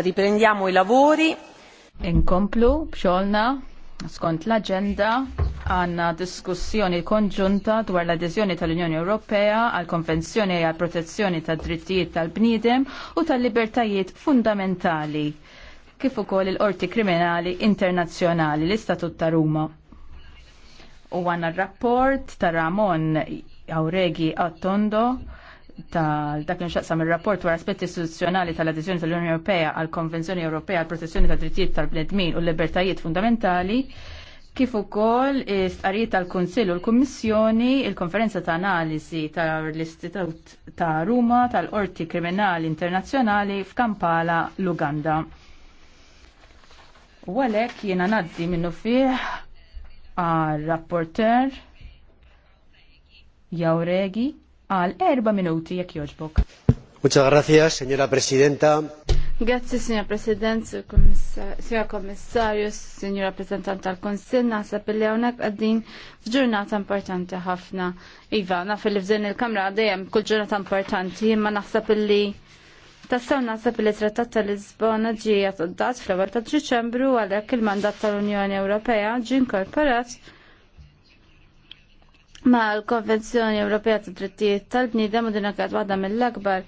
Riprendiamo i lavori. Inkomplu bxolna skont l-agenda għanna diskussjoni konġunta dwar l-adezjoni tal-Unjoni Ewropea għal konvenzjoni għal protezzjoni tad drittijiet tal-bniedem u tal-libertajiet fundamentali kif ukoll il-Qorti Kriminali Internazzjonali l-Istatut ta' Ruma. U għanna r-rapport ta' Ramon Auregi Attondo tal-dak x'Aqsam il-rapport wara aspetti istituzzjonali tal-adizjoni tal-Unjoni Ewropea għal-Konvenzjoni Ewropea għal-Protezzjoni tad-Drittijiet tal-Bnedmin u l-Libertajiet Fundamentali kif ukoll istqarrijiet tal-Kunsill u l-Kummissjoni il-Konferenza ta' Analisi tal-Istitut ta' Ruma tal-Qorti Kriminali Internazzjonali f'Kampala l-Uganda. U għalhekk jiena naddi minnu fih għal rapporter Jawregi għal erba minuti jekk joġbok. Muchas gracias, señora Presidenta. Grazzi, signor President, signor Kommissarju, signor Rappresentant tal-Konsil, naħseb li hawnhekk qegħdin f'ġurnata importanti ħafna. Iva, naf li f'din il-Kamra dejjem kull ġurnata importanti, imma naħseb li tassew naħseb li trattat tal-Lisbona ġie adottat fl-ewwel ta' Diċembru għalhekk il-mandat tal-Unjoni Ewropea ġie inkorporat ma' l-Konvenzjoni Ewropea ta' Drittijiet tal-Bniedem u dinakat waħda mill-akbar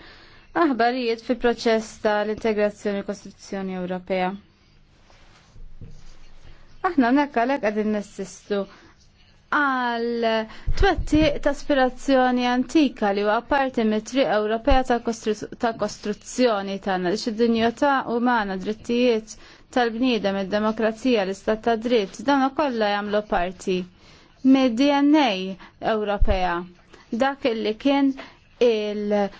aħbarijiet fi proċess tal-integrazzjoni Kostituzzjoni Ewropea. Aħna l-ek għadin nessistu għal twetti ta' aspirazzjoni antika li huwa parti mit-triq Ewropea ta' kostruzzjoni tagħna li id-dinjotà umana drittijiet tal-bniedem id-demokrazija l-istat ta' dritt dawn kollha jagħmlu parti mid-DNA Ewropea. Dak illi kien eh,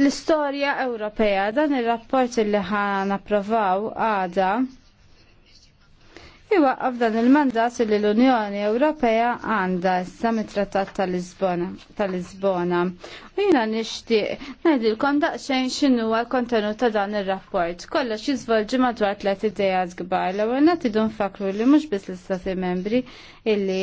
l-istorja Ewropea, dan ir rapport li ħana provaw għada iwaqqaf dan il-mandat li l-Unjoni Ewropea għandha issa mit-Trattat tal-Lisbona. U jiena nixtieq ngħidilkom daqsxejn x'inhu l-kontenut ta' dan ir-rapport. Kollox jiżvolġi madwar tliet idejat kbar. L-ewwel nagħti nfakru li mhux biss l-istati membri illi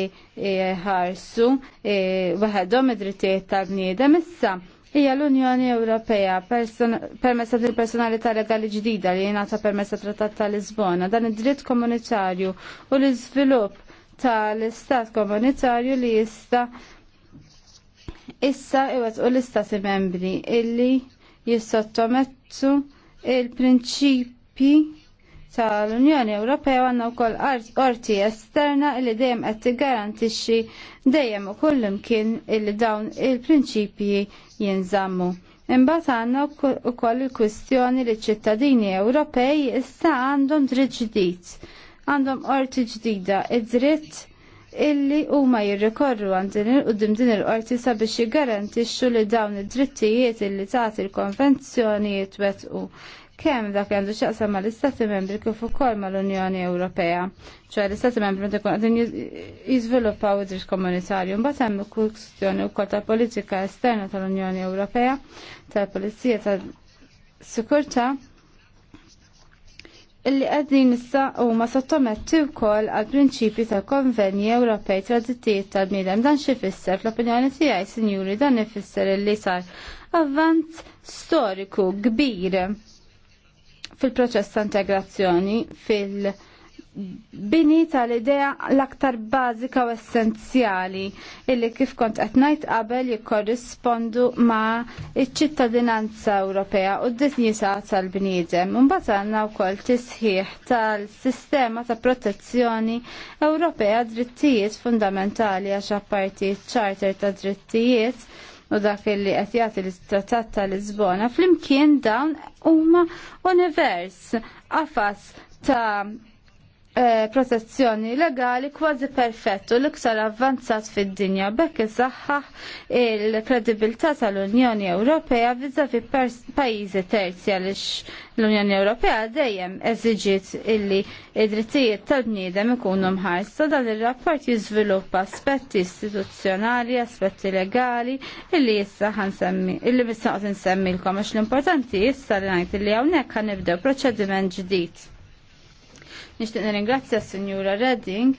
ħarsu eh, waħedhom id-drittijiet tal-bniedem issa hija l-Unjoni Ewropea permessa il personalità legali ġdida li jingħata permessa trattat ta' Lisbona dan id-dritt komunitarju u l-iżvilupp tal-istat komunitarju li jista' issa iwet u l-istati membri illi jissottomettu il-prinċipi tal-Unjoni Ewropea għandna wkoll orti esterna li dejjem qed tigarantixxi dejjem ukoll imkien il dawn il-prinċipji jinżammu. Imbagħad għandna wkoll il-kwistjoni li ċ-ċittadini Ewropej issa għandhom dritt ġdid. Għandhom orti ġdida id-dritt illi huma jirrikorru għandin il din il-qorti sabiex jiggarantixxu li dawn id-drittijiet illi tagħti il konvenzjoni jitwettqu kemm dak li għandu xaqsam ma l-Istati Membri kif ukoll ma l-Unjoni Ewropea. ċoħ l-Istati Membri meta kun għadin jizviluppaw id-dritt komunitarju. Mbagħad hemm kwistjoni wkoll tal-politika esterna tal-Unjoni Ewropea, tal-Pulizija tas sikurtà illi qegħdin issa u ma sottometti wkoll għal prinċipji tal konvenji Ewropej tradittijiet tal-bniedem dan xi fisser fl-opinjoni tiegħi sinjuri dan ifisser illi sar avvant storiku kbir fil-proċess ta' integrazzjoni fil- bini tal-idea l-aktar bażika u essenzjali illi kif kont qed ngħid qabel jikkorrispondu ma' iċ-ċittadinanza Ewropea u d disnisa tal-bniedem. Imbagħad għandna wkoll tisħiħ tal-sistema ta' protezzjoni Ewropea drittijiet fundamentali għax apparti ċ-Charter ta' drittijiet u dak li qed jagħti l-Trattat tal Lisbona flimkien dawn huma univers qafas ta' Eh, protezzjoni legali kważi perfettu l-iktar avvanzat fid-dinja bekk isaħħaħ il-kredibilità tal-Unjoni Ewropea viżavi pajjiżi terzi għaliex l-Unjoni Ewropea dejjem eżiġiet illi id-drittijiet tal-bniedem ikunu mħarsa dan ir-rapport jiżviluppa aspetti istituzzjonali, aspetti legali illi issa ħansemmi illi mistaqgħod insemmilkom għax l-importanti issa li ngħid illi hawnhekk ħanibdew proċediment ġdid Nixtieq nirringrazzja s-Sinjura Redding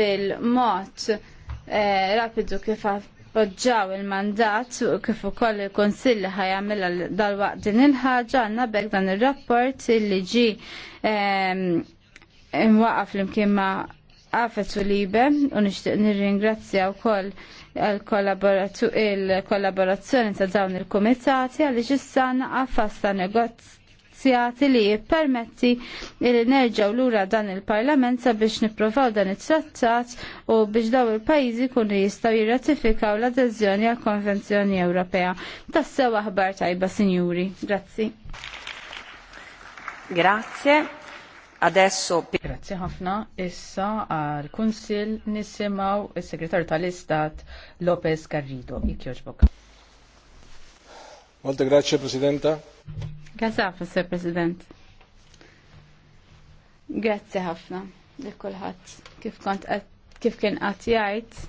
bil-mod eh, rapidu kif appoġġaw il-mandat u kif ukoll il-Konsill ħajamilha dal-waqt din il-ħaġa għandna bekk dan ir-rapport li ġi ehm, imwaqaf flimkien ma' għafet u libe u nishtiq nirringrazzja u koll il-kollaborazzjoni ta' dawn il-komitati għalli ġissan għafas ta' negozz negozjati li jippermetti li nerġaw lura dan il-Parlament sabiex nipprovaw dan it-trattat u biex daw il pajzi kunu jistaw jirratifikaw l-adeżjoni għal Konvenzjoni Ewropea. Tassew aħbar tajba, Sinjuri. Grazzi. Grazie. Adesso Grazie ħafna. Issa għal kunsil nisimaw il-Segretar tal-Istat Lopez Garrido. Ikjoġbok. Molte grazie, Presidenta. Grazie ħafna, Sir President. Grazie ħafna li kulħadd kif kont kif kien qatt jgħid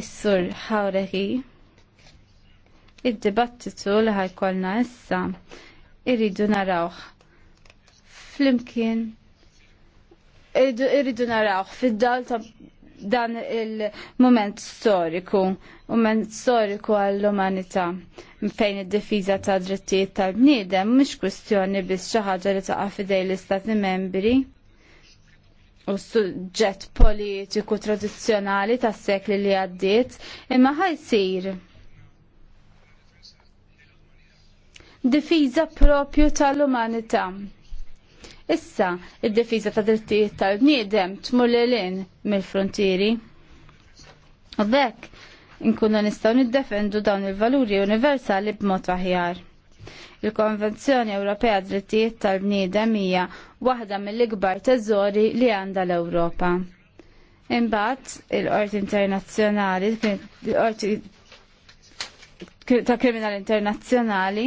is-sur Hawrehi id-dibattitu li ħajkolna issa irridu narawh flimkien irridu narawh fid-dal ta' dan il-moment storiku U ument storiku għall-umanità fejn id-difiża ta' drittijiet tal-bniedem mhux kwistjoni biss xi ħaġa li taqa' fidej l-istati membri u suġġett politiku tradizzjonali tas sekli li għaddiet imma ħajsir difiża propju tal-umanità. Issa, id-difiża ta' drittijiet tal-bniedem tmur lilin mill-frontieri. U Inkunu nistgħu niddefendu dawn il-valuri universali b'mod aħjar. Il-Konvenzjoni Ewropea Drittijiet tal-Bniedem hija waħda mill-ikbar teżori li għandha l-Ewropa. Imbagħad il-Qorti Internazzjonali, il-Qorti ta' Kriminal Internazzjonali,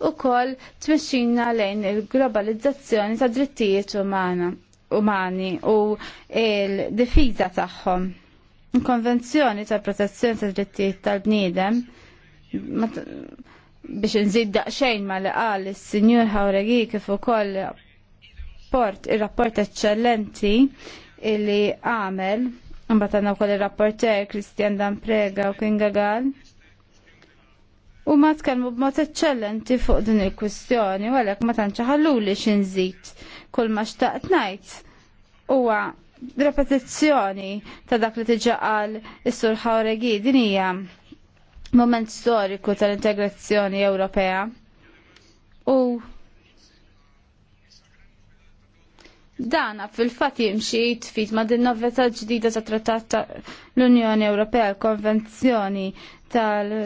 ukoll kol tmexxina lejn il-globalizzazzjoni ta' drittijiet umana, umani u il-difiża tagħhom konvenzjoni ta' protezzjoni ta' drittijiet tal-bniedem biex nżid daqsxejn ma li qal is-Sinjur Hawregi kif ukoll ir-rapport eċċellenti illi għamel imbagħad għandna wkoll ir-rapporter Kristjan Dan Prega u Kinga Gall. U ma tkellmu b'mod eċċellenti fuq din il-kwistjoni u għalhekk ma tantx ħalluli x'inżid kull ma xtaqt ngħid huwa repetizzjoni ta' dak li tiġa qal is-sur Ħawregi din hija moment storiku tal-integrazzjoni Ewropea. U dana fil-fatt jimxi tfit ma' din novetat ġdida ta' trattat ta' l-Unjoni Ewropea, l-Konvenzjoni tal-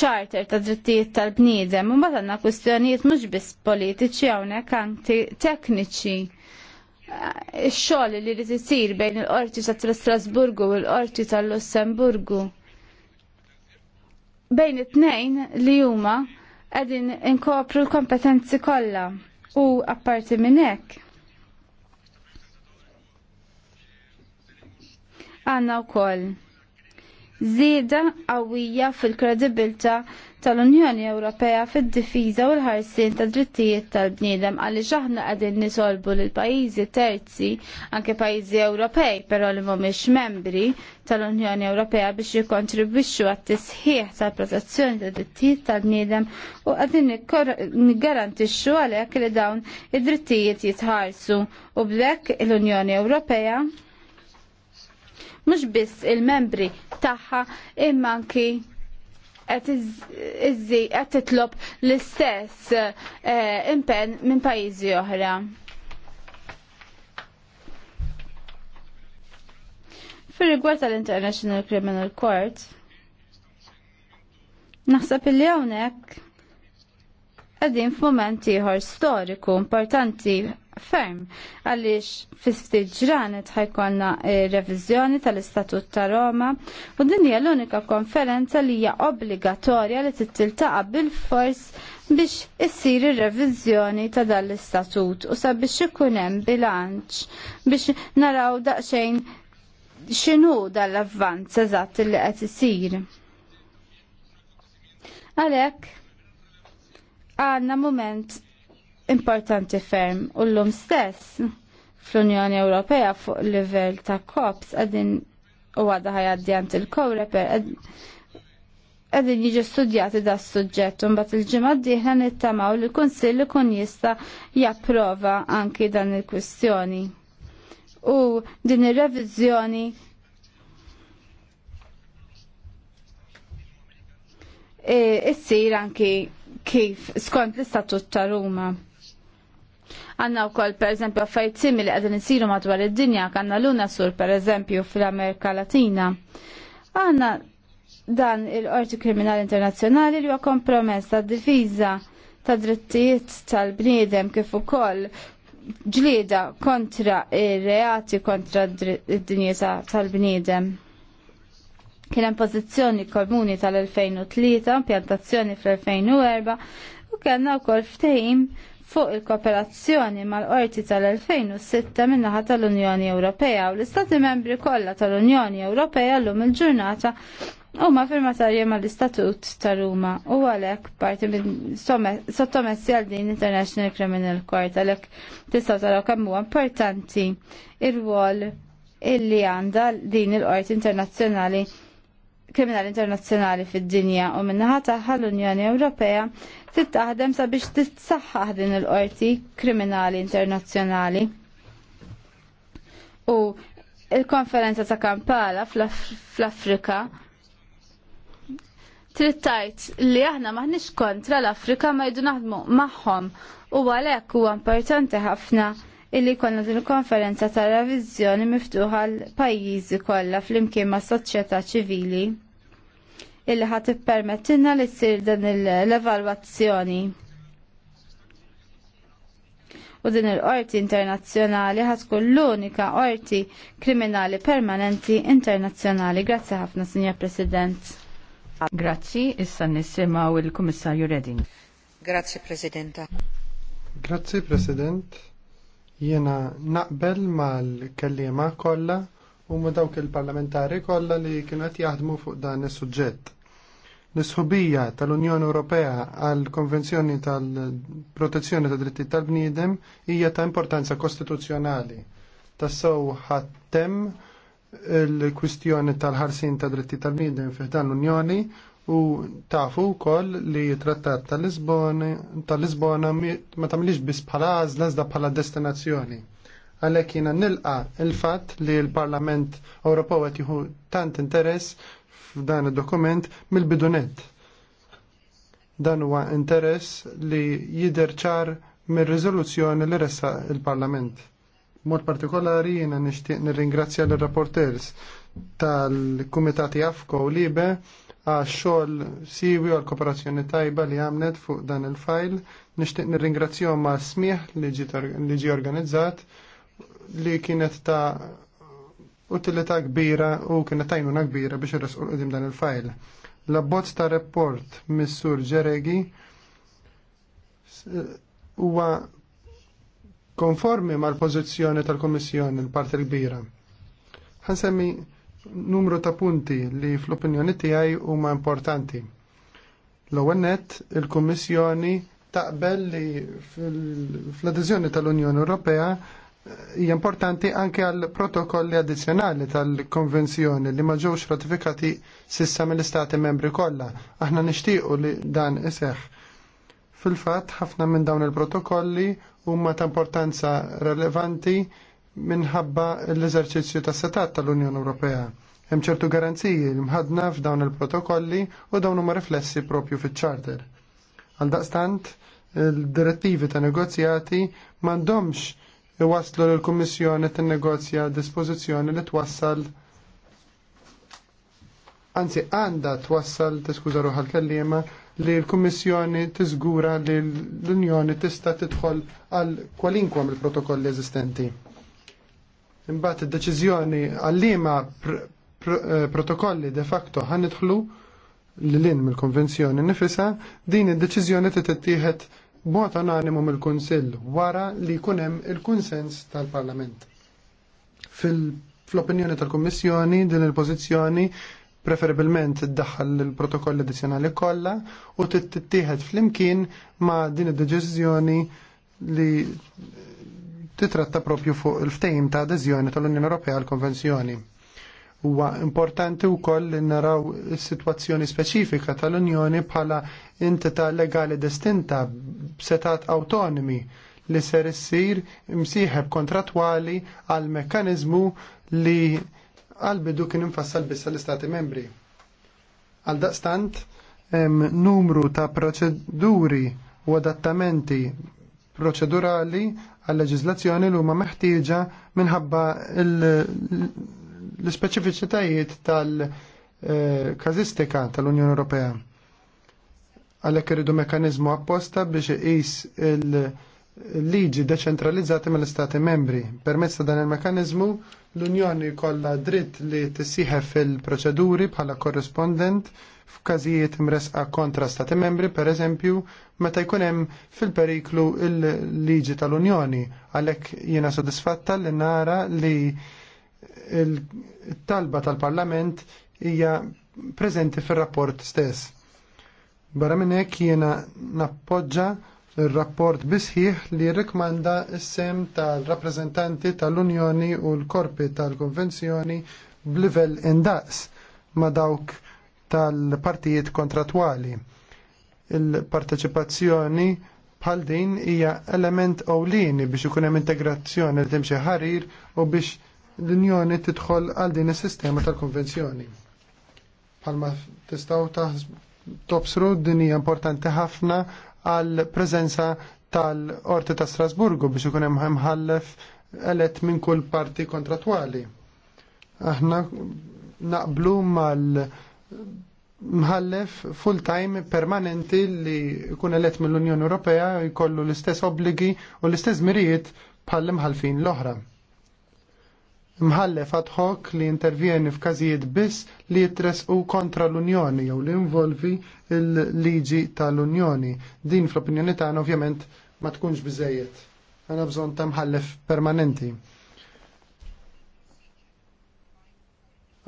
charter ta' drittijiet tal-bniedem, u mbagħad għandna kwistjonijiet mhux biss politiċi hawnhekk anki tekniċi xoll li jrid isir bejn il-qorti ta' Strasburgu u l-qorti tal-Lussemburgu. Bejn it-tnejn li huma qegħdin inkopru l-kompetenzi kollha u apparti minn hekk. għandna wkoll żieda qawwija fil-kredibilta tal-Unjoni Ewropea fid-difiża u l-ħarsien ta' drittijiet tal-bniedem għaliex aħna qegħdin nisolbu lil pajjiżi terzi anke pajjiżi Ewropej però li mhumiex membri tal-Unjoni Ewropea biex jikkontribwixxu għat-tisħiħ tal-protezzjoni ta' drittijiet tal-bniedem u qegħdin niggarantixxu għalhekk li dawn id-drittijiet jitħarsu u b'lek l-Unjoni Ewropea mhux biss il-membri tagħha imma anki qed titlob l-istess eh, impenn minn pajjiżi oħra. Fir-rigward tal-International Criminal Court, naħseb illi hawnhekk qegħdin f'mument ieħor storiku importanti ferm għaliex fis-ftit ġranet ħajkonna eh, reviżjoni tal-Istatut ta' Roma u din hija l-unika konferenza li hija obbligatorja li tittiltaqa' bil-fors biex issir ir-reviżjoni ta' dan l-istatut u sabiex ikun hemm bilanċ biex naraw daqsxejn xinu dal-avvanz eżatt li qed isir. Għalhekk għandna mument importanti ferm u l-lum stess fl-Unjoni Ewropea fuq livell ta' COPS għadin u għadha ħajaddi għant il-Koreper għadin jiġi studjati da' suġġett un bat il-ġimma diħna nittamaw li l li kun jista japprova anki dan il-kwistjoni. U din ir-reviżjoni e, issir anki kif skont l-istatut ta' Ruma. Għanna u koll per eżempju affajt simili għadin isiru madwar id-dinja għanna l-una sur per eżempju fil-Amerika Latina. Għanna dan il-Qorti Kriminali Internazzjonali li huwa kompromess ta' difiża ta' drittijiet tal-bniedem kif ukoll ġlieda kontra ir-reati kontra id-dinjeta tal-bniedem. Kien hemm pożizzjoni komuni tal-2003, pjantazzjoni fl-2004 u kellna wkoll ftehim fuq il-kooperazzjoni mal-qorti tal-2006 minnaħa tal-Unjoni Ewropea u l-Istati membri kollha tal-Unjoni Ewropea llum il-ġurnata huma firmatarji mal-Istatut ta' Ruma u għalhekk parti minn sottomessi għal din International Criminal Court għalhekk tista' taraw kemm huwa importanti ir wol illi għandha din il-Qorti Internazzjonali kriminali internazzjonali fid-dinja u minnaħa taħħa l-Unjoni Ewropea tittaħdem sabiex titsaħħaħ din il-qorti kriminali internazzjonali. U il-konferenza ta' Kampala fl-Afrika trittajt li aħna maħnix kontra l-Afrika ma jdu naħdmu maħħom u għalek u importanti ħafna illi konna din konferenza ta' revizjoni miftuħa l-pajjiżi kollha flimkien ma' soċjetà ċivili illi ħat ippermettilna li ssir dan l-evalwazzjoni. U din il-qorti internazzjonali ħat tkun l-unika qorti kriminali permanenti internazzjonali. Grazzi ħafna, Sinjor President. Grazzi, issa nisimaw il-Kummissarju Redding. Grazzi, Presidenta. Grazzi, President. Jiena naqbel mal-kellima kollha u ma dawk il-parlamentari kollha li kienu qed jaħdmu fuq dan is-suġġett. L-isħubija tal-Unjoni Ewropea għall konvenzjoni tal-Protezzjoni tad Dritti tal-Bniedem hija ta' importanza kostituzzjonali. Tassew ħattem il-kwistjoni tal-ħarsin tad dritti tal-bniedem fih dan l-Unjoni U tafu wkoll li trattat tal-Lisbona ma tamliġ biss bħala għażla bħala destinazzjoni. Għalhekk jiena nilqa il-fatt li l-Parlament Ewropew qed jieħu tant interess f'dan id-dokument mill-bidunet. Dan huwa interess li jidher ċar mir-riżoluzzjoni li ressa il-Parlament. Mod partikolari jiena nixtieq nirringrazzja l-rapporters tal-Kumitati Afko u Libe Għal xogħol siwi u l-kooperazzjoni tajba li għamnet fuq dan il-fajl. Nixtieq nirringrazzjahom ma' smieħ li ġi organizzat li kienet ta' utilità kbira u kienet tajnuna kbira biex irresqu qudiem dan il-fajl. La bozz ta' rapport mis-sur Ġeregi eh, huwa konformi mal-pożizzjoni tal-Kummissjoni l-parti l-kbira. Ħansemmi numru ta' punti li fl-opinjoni tiegħi huma importanti. L-ewwel nett il-Kummissjoni taqbel li fl-adeżjoni tal-Unjoni Ewropea eh, hija importanti anke għal protokolli addizzjonali tal-konvenzjoni li ma ġewx ratifikati sissa mill-istati membri kollha. Aħna nixtiequ li dan iseħħ. Fil-fatt ħafna minn dawn il-protokolli huma ta' importanza relevanti minħabba l-eżerċizzju ta' setat tal-Unjoni Ewropea. Hemm ċertu garanziji li mħadna f'dawn il-protokolli u dawn huma riflessi propju fiċ-charter. Għal daqstant, il-direttivi ta' negozjati m'għandhomx iwaslu l kummissjoni tinnegozja negozja dispożizzjoni li twassal anzi għandha twassal tiskuża ruħal kellima li l-Kummissjoni tiżgura li l-Unjoni tista' tidħol għal kwalinkwa mill-protokolli eżistenti. Imbagħad id-deċiżjoni għallima eh, protokolli de facto ħanidħlu l-lin mill-konvenzjoni nifisa din id-deċiżjoni tittieħed b'mod anonimu mill-Kunsill wara li jkun hemm il-kunsens tal-Parlament. fl opinjoni tal-Kummissjoni din il-pożizzjoni preferibilment iddaħħal il-protokoll addizzjonali kollha u tittieħed flimkien ma' din id-deċiżjoni li titratta propju fuq il ftejm ta' adeżjoni tal-Unjoni Ewropea għall konvenzjoni Huwa importanti wkoll li naraw is-sitwazzjoni speċifika tal-Unjoni bħala entità legali distinta b'setat autonomi li ser issir msieħeb kontratwali għal mekkaniżmu li għal-bidu kien infassal biss l-Istati membri. Għal daqstant, numru ta' proċeduri u adattamenti proċedurali għal leġizlazzjoni li huma meħtieġa minħabba l-speċifiċitajiet tal-kazistika tal-Unjoni Ewropea. Għalhekk iridu mekkaniżmu apposta biex iqis il-liġi deċentralizzati mill-Istati membri. Permezz ta' dan il-mekkaniżmu l-Unjoni kollha dritt li tissieħef fil-proċeduri bħala korrespondent f'każijiet imresqa kontra stati membri, per eżempju, meta jkun hemm fil-periklu il-liġi tal-Unjoni, għalhekk jiena sodisfatta li nara li il-talba tal-Parlament hija preżenti fir-rapport stess. Barra minn hekk jiena nappoġġa il-rapport bisħiħ li rikmanda s-sem tal-rappresentanti tal-Unjoni u l-korpi tal-Konvenzjoni b'livell indaqs ma dawk tal-partijiet kontratwali. Il-parteċipazzjoni bħal din hija element ewlieni biex ikun hemm integrazzjoni li timxi ħarir u biex l-Unjoni tidħol għal din is-sistema tal-konvenzjoni. Bħalma tistgħu tobsru din hija importanti ħafna għal preżenza tal-Orti ta' Strasburgu biex ikun hemm ħallef elett minn kull parti kontratwali. Aħna naqblu mal- mħallef full-time permanenti li jkun elett mill-Unjoni Ewropea jkollu l-istess obbligi u l-istess mirijiet bħal mħalfin l-oħra. Mħallef ad hoc li intervjeni f'każijiet biss li u kontra l-Unjoni jew li involvi l-liġi tal-Unjoni. Din fl-opinjoni tagħna ovvjament ma tkunx biżejjed. Għana bżonn ta' mħallef permanenti.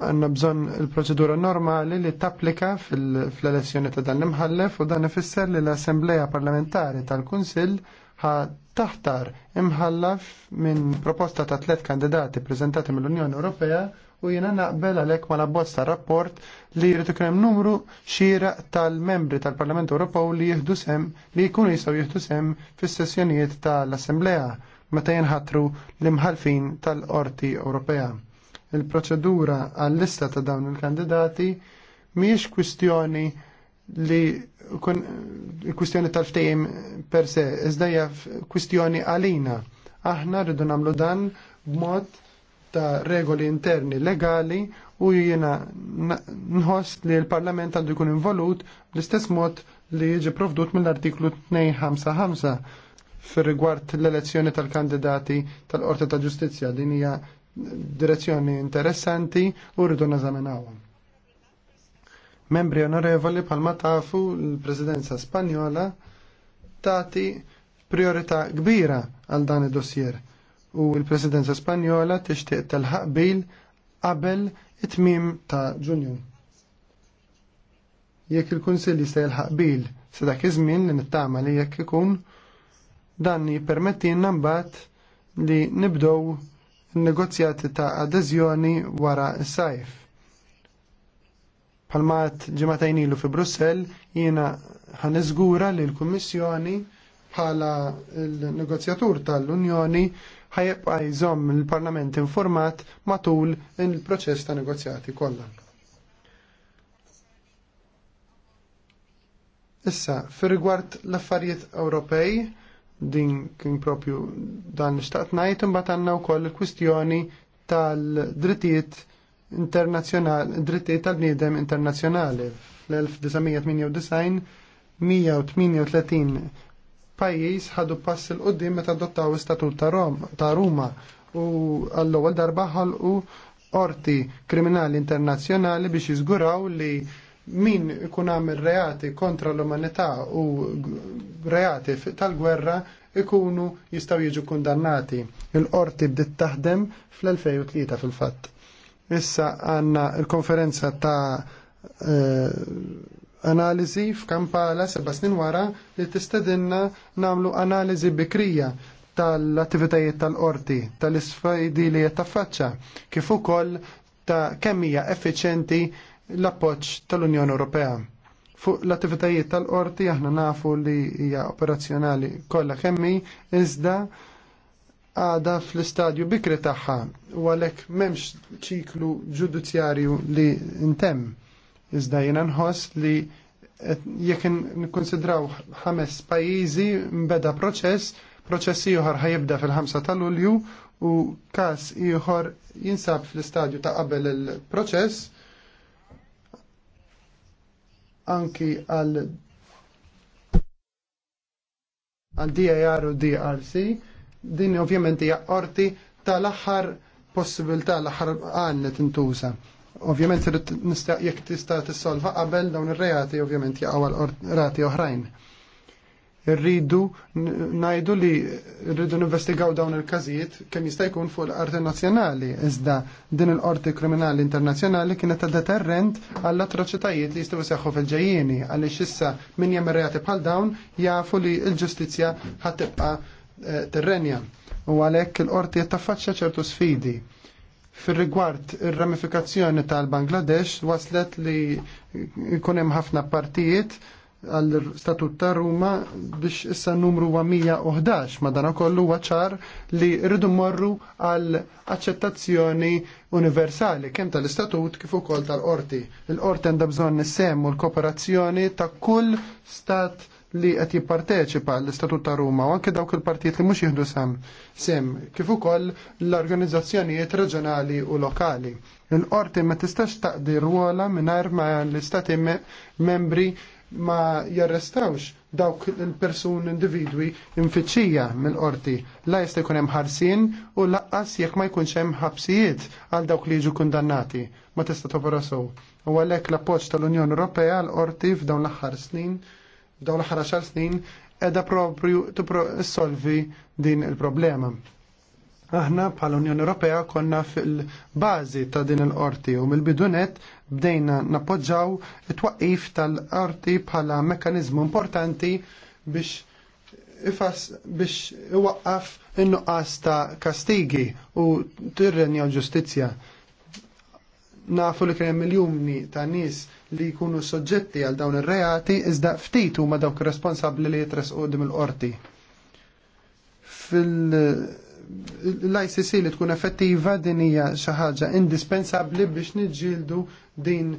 għanna bżon il-proċedura normali li tapplika fil-elezzjoni ta' dan imħallef u dan ifisser li l-Assembleja Parlamentari tal-Kunsill ħa taħtar imħallaf minn proposta ta' tlet kandidati prezentati mill-Unjoni Ewropea u jiena naqbel għalhekk ma bosta rapport li jrid ikun numru xira tal-membri tal-Parlament Ewropew li jieħdu sem li jkunu jistgħu jieħdu sem fis-sessjonijiet tal-Assembleja meta jinħatru l-imħalfin tal-Qorti Ewropea il-proċedura għall-lista ta' dawn il-kandidati miex kwistjoni li kwistjoni tal-ftejim per se, iżdajja kwistjoni għalina. Aħna rridu namlu dan b'mod ta' regoli interni legali u jiena nħoss li l-Parlament għandu jkun involut bl-istess mod li jiġi provdut mill-artiklu 255 fir rigward l-elezzjoni tal-kandidati tal-Qorti ta' Ġustizzja din hija direzzjoni interessanti u rridu nażaminawhom. Membri onorevoli palma tafu l-Presidenza Spanjola tati priorità kbira għal dan id-dossier u l-Presidenza Spanjola tixtieq telħaq bil qabel it-tmim ta' Ġunju. Jekk il-Kunsill jista' jelħaq bil sa dak iż-żmien li nittama li jekk ikun dan jippermettilna mbagħad li nibdow negozjati ta' adeżjoni wara s-sajf. Palmat ġematajn ilu fi Brussel jiena ħan li l-Kummissjoni bħala l-negozjatur tal-Unjoni ħajibqa jżomm il-Parlament informat matul il-proċess ta' negozjati kollha. Issa, fir rigward l-affarijiet Ewropej, din kien propju dan nixtaqt ngħid imbagħad għandna wkoll il-kwistjoni tal-drittijiet internazzjonali, drittijiet tal-bniedem internazzjonali. Fl-1998 138 pajjiż ħadu pass il qudiem meta adottaw istatut ta' Roma ta' Ruma u għall-ewwel darba ħolqu orti kriminali internazzjonali biex jiżguraw li min ikun għamil reati kontra l-umanità u reati tal-gwerra ikunu jistaw jiġu kundannati. Il-qorti bdiet taħdem fl-2003 fil-fatt. Issa għanna il-konferenza ta' eh, analizi f'Kampala seba' snin wara li tistedinna namlu analizi bikrija tal-attivitajiet tal-qorti, tal-isfajdi li jettaffaċċa, kif ukoll ta' kemm hija effiċenti l-appoġġ tal-Unjoni Ewropea. Fuq l-attivitajiet tal-qorti aħna nafu li hija operazzjonali kollha kemmi iżda għada fl-istadju bikri tagħha u għalhekk m'hemmx ċiklu ġudizzjarju li ntemm Iżda jiena nħoss li jekk nikkonsidraw ħames pajjiżi mbeda proċess, proċess ieħor ħajibda fil-5 ta' Lulju u każ ieħor jinsab fl-istadju ta' qabel il-proċess anki għal għal DAR u DRC. Din ovvjament hija qorti tal-aħħar possibilità l-aħħar għan li tintuża. Ovvjament jekk tista' tissolva qabel dawn ir-reati ovvjament jaqgħu għal rati oħrajn rridu najdu li rridu investigaw dawn il-każijiet kemm jista' jkun fuq l-Qorti Nazzjonali iżda din il-Qorti Kriminali Internazzjonali kienet ta' deterrent għall atroċitajiet li jistgħu seħħu fil-ġejjieni għaliex issa min jem reati bħal dawn jafu li l-ġustizzja ħad tibqa' eh, terrenja u għalhekk il-qorti qed taffaċċja ċertu sfidi. Fir-rigward ir-ramifikazzjoni tal-Bangladesh waslet li jkun hemm ħafna partijiet għall-statut ta' Ruma biex issa numru 111 madana kollu għacħar li rridu morru għall aċċettazzjoni universali kemm tal-istatut kif ukoll tal-qorti. Il-qorti għandha bżonn nissemmu l-kooperazzjoni ta' kull stat li qed jipparteċipa l-Istatut ta' Ruma u anke dawk il-partijiet li mhux jieħdu sem sem kif ukoll l-organizzazzjonijiet reġjonali u lokali. Il-qorti ma tistax taqdi rwola mingħajr ma l-istati membri ma jarrestawx dawk il-persun individwi infittxija mill-qorti. La jista' jkun hemm ħarsien u laqqas jekk ma jkunx hemm ħabsijiet għal dawk li jiġu kundannati. Ma tista' topra sew. U għalhekk l-appoġġ tal-Unjoni Ewropea l qorti f'dawn l-aħħar snin, f'dawn l-aħħar għaxar snin, edha propju issolvi din il-problema. Aħna bħala Unjoni Ewropea konna fil-bażi ta' din il-qorti u mill-bidunet bdejna nappoġġaw it-twaqqif tal-arti bħala mekkaniżmu importanti biex ifas biex iwaqqaf in-nuqqas ta' kastigi u tirrenja ġustizzja. Nafu li kien miljoni ta' nies li jkunu soġġetti għal dawn ir-reati iżda ftit huma dawk responsabbli li jitresqu dim il-qorti. Fil- l-ICC li tkun effettiva din hija xi ħaġa indispensabbli biex niġġieldu din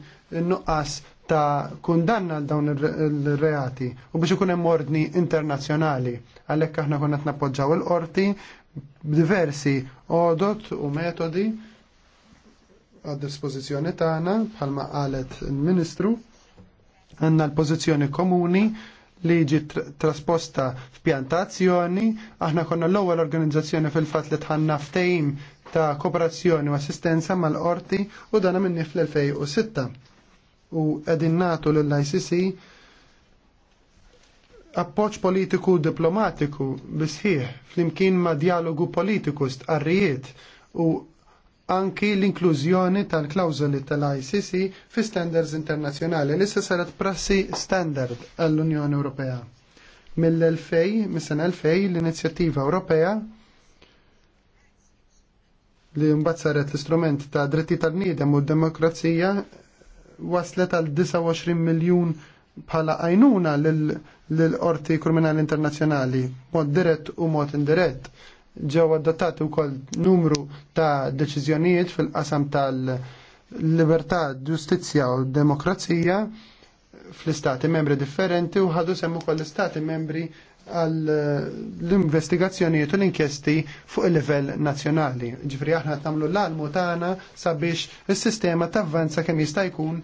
nuqqas ta' kundanna għal dawn ir-reati u biex ikun hemm ordni internazzjonali. Għalhekk aħna konna nappoġġaw il-qorti b'diversi odot u metodi għad dispożizzjoni tagħna bħalma qalet il-Ministru għandna l-pożizzjoni komuni liġi trasposta f'pjantazzjoni, aħna konna l-ewwel organizzazzjoni fil-fatt li tħanna ftehim ta' kooperazzjoni u assistenza mal-qorti u dana minni fl-2006. U qegħdin nagħtu lill-ICC appoġġ politiku diplomatiku bisħieħ flimkien ma' dialogu politiku stqarrijiet u anki l-inklużjoni tal-klawżoli tal-ICC fi standards internazzjonali li se saret prassi standard għall-Unjoni Ewropea. Mill-2000, mis-sena 2000, l-Inizjattiva Ewropea li mbagħad saret l-istrument ta' dritti tal-niedem u d-demokrazija waslet għal 29 miljun bħala għajnuna l-Qorti Kriminali Internazzjonali, mod dirett u mod indirett ġew adottati wkoll numru ta' deċiżjonijiet fil-qasam tal-libertà, ġustizzja u demokrazija fl-istati membri differenti u ħadu semmu kol l-istati membri għall-investigazzjonijiet u l-inkjesti fuq il-livell nazzjonali. Ġifri aħna tagħmlu l-almu tagħna sabiex il sistema tavvanza kemm jista' jkun